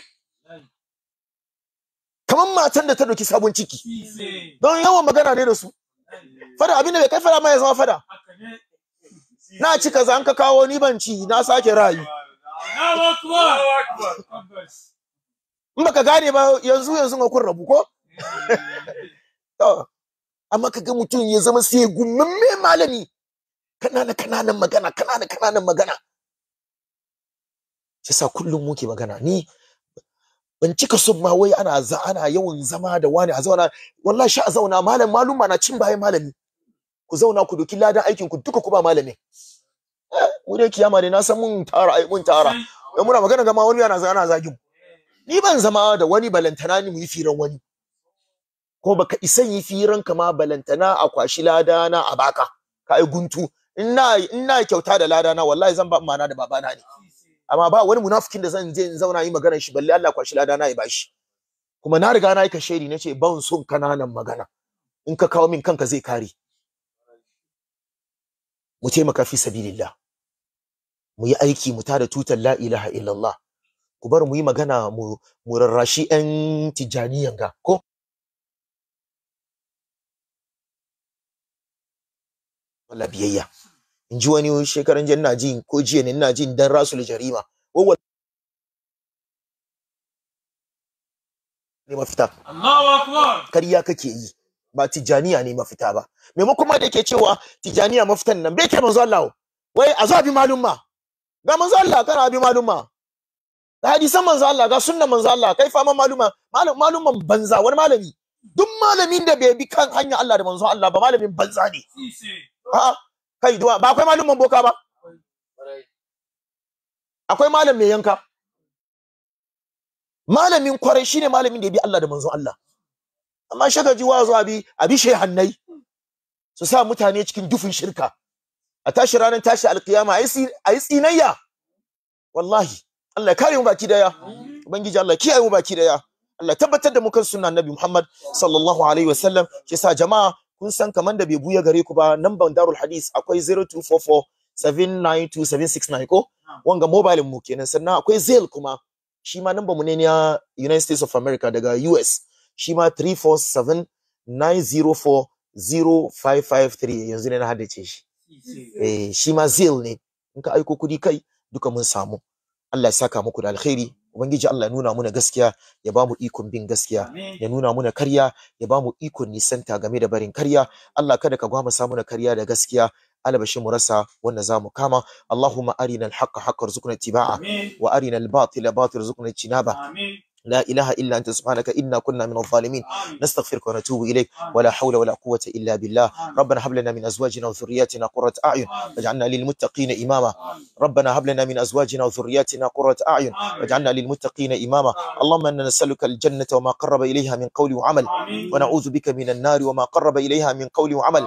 kamar matan da ta doki sabon ciki don yawan magana ne da su fada abin da bai kai fada ma ya zama fada na ci kaza an ka kawo ni ban ci na sake rayu in baka gane ba yanzu yanzu ga kun rabu ko eh. to amma kaga mutum ya zama sai gumamme malami kanana kananan magana kanana kananan magana shi sa kullum muke magana ni ban cika son ma wai ana za ana yawan zama da wani a zauna wallahi sha a zauna malam malum na cin bayan malami ku zauna ku doki ladan aikin ku duka ku ba malamin mu dai kiyama dai na san mun tara ai mun tara dan muna magana ga ma wani yana zana zagin ni ban zama da wani balantana ni mu yi firan wani ko baka isan yi firan kama balantana a kwashi ladana a baka ka ai guntu ina ina kyauta da ladana wallahi zan ba mana da babana ne amma ba wani munafikin da zan je in zauna yi magana shi balle Allah kwashi ladana ya bashi kuma na riga na yi kashedi na ce ban son kananan magana in ka kawo min kanka zai kare mu taimaka fi sabilillah mu yi aiki mu tada tutar la ilaha illallah ku bar mu yi magana mu mu rarrashi yan tijaniyan ga ko wala biyayya in ji wani shekaran jiya na jin ko jiya ne ina jin dan rasul jarima wawwa ne mafita Allahu akbar kariya kake yi ba tijaniya ne mafita ba maimakon ma da yake cewa tijaniya mafitan nan bai ke manzo Allah wai azabi malum ma ga manzo Allah kana bi maluma ga hadisan manzo Allah ga sunnan manzo Allah kai fama maluma malum maluman banza wani malami duk malamin da bai bi kan hanya Allah da manzo Allah ba malamin banza ne a'a kai duwa ba akwai maluman boka ba akwai malam mai yanka malamin kwarai shine malamin da ya bi Allah da manzo Allah amma shaka ji wazo abi abi shehannai su sa mutane cikin dufin shirka a tashi ranar tashi alkiyama a yi tsinayya wallahi Allah kare mu baki daya ubangiji Allah kiyaye mu baki daya Allah tabbatar da mu kan sunnan Nabi Muhammad sallallahu alaihi wasallam ke sa jama'a kun san kaman da bai buya gare ku ba namban Darul Hadis akwai 0244 792 ko wanga mobile mu kenan sannan akwai ZAIL kuma shi ma namban mu ne na United States of America daga US shi ma 347 0553 yanzu ne na haddace shi eh shi ma zil ne in ka aiko kudi kai duka mun samu Allah ya saka muku da alkhairi ubangiji Allah ya nuna muna gaskiya ya bamu ikon bin gaskiya ya nuna muna karya ya bamu ikon nisanta game da barin karya Allah kada ka gwama samu na karya da gaskiya albashi mu rasa wanda zamu kama Allahumma arina al-haqqa haqqa ittiba'a wa arina albatila batila batila warzuqna لا إله إلا أنت سبحانك إنا كنا من الظالمين نستغفرك ونتوب إليك ولا حول ولا قوة إلا بالله ربنا هب لنا من أزواجنا وذرياتنا قرة أعين واجعلنا للمتقين إماما ربنا هب لنا من أزواجنا وذرياتنا قرة أعين واجعلنا للمتقين إماما اللهم أنا نسألك الجنة وما قرب إليها من قول وعمل ونعوذ بك من النار وما قرب إليها من قول وعمل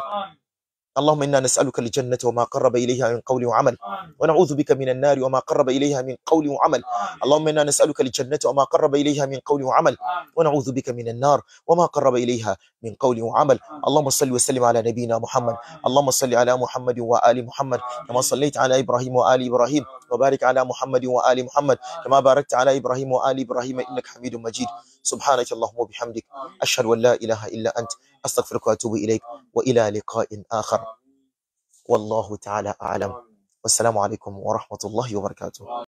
اللهم إنا نسألك الجنة وما قرب إليها من قول وعمل ونعوذ بك من النار وما قرب إليها من قول وعمل اللهم إنا نسألك الجنة وما قرب إليها من قول وعمل ونعوذ بك من النار وما قرب إليها من قول وعمل اللهم صل وسلم على نبينا محمد اللهم صل على محمد وآل محمد كما صليت على إبراهيم وآل إبراهيم وبارك على محمد وآل محمد كما باركت على إبراهيم وآل إبراهيم إنك حميد مجيد سبحانك اللهم وبحمدك أشهد أن لا إله إلا أنت أستغفرك وأتوب إليك وإلى لقاء آخر والله تعالى أعلم والسلام عليكم ورحمة الله وبركاته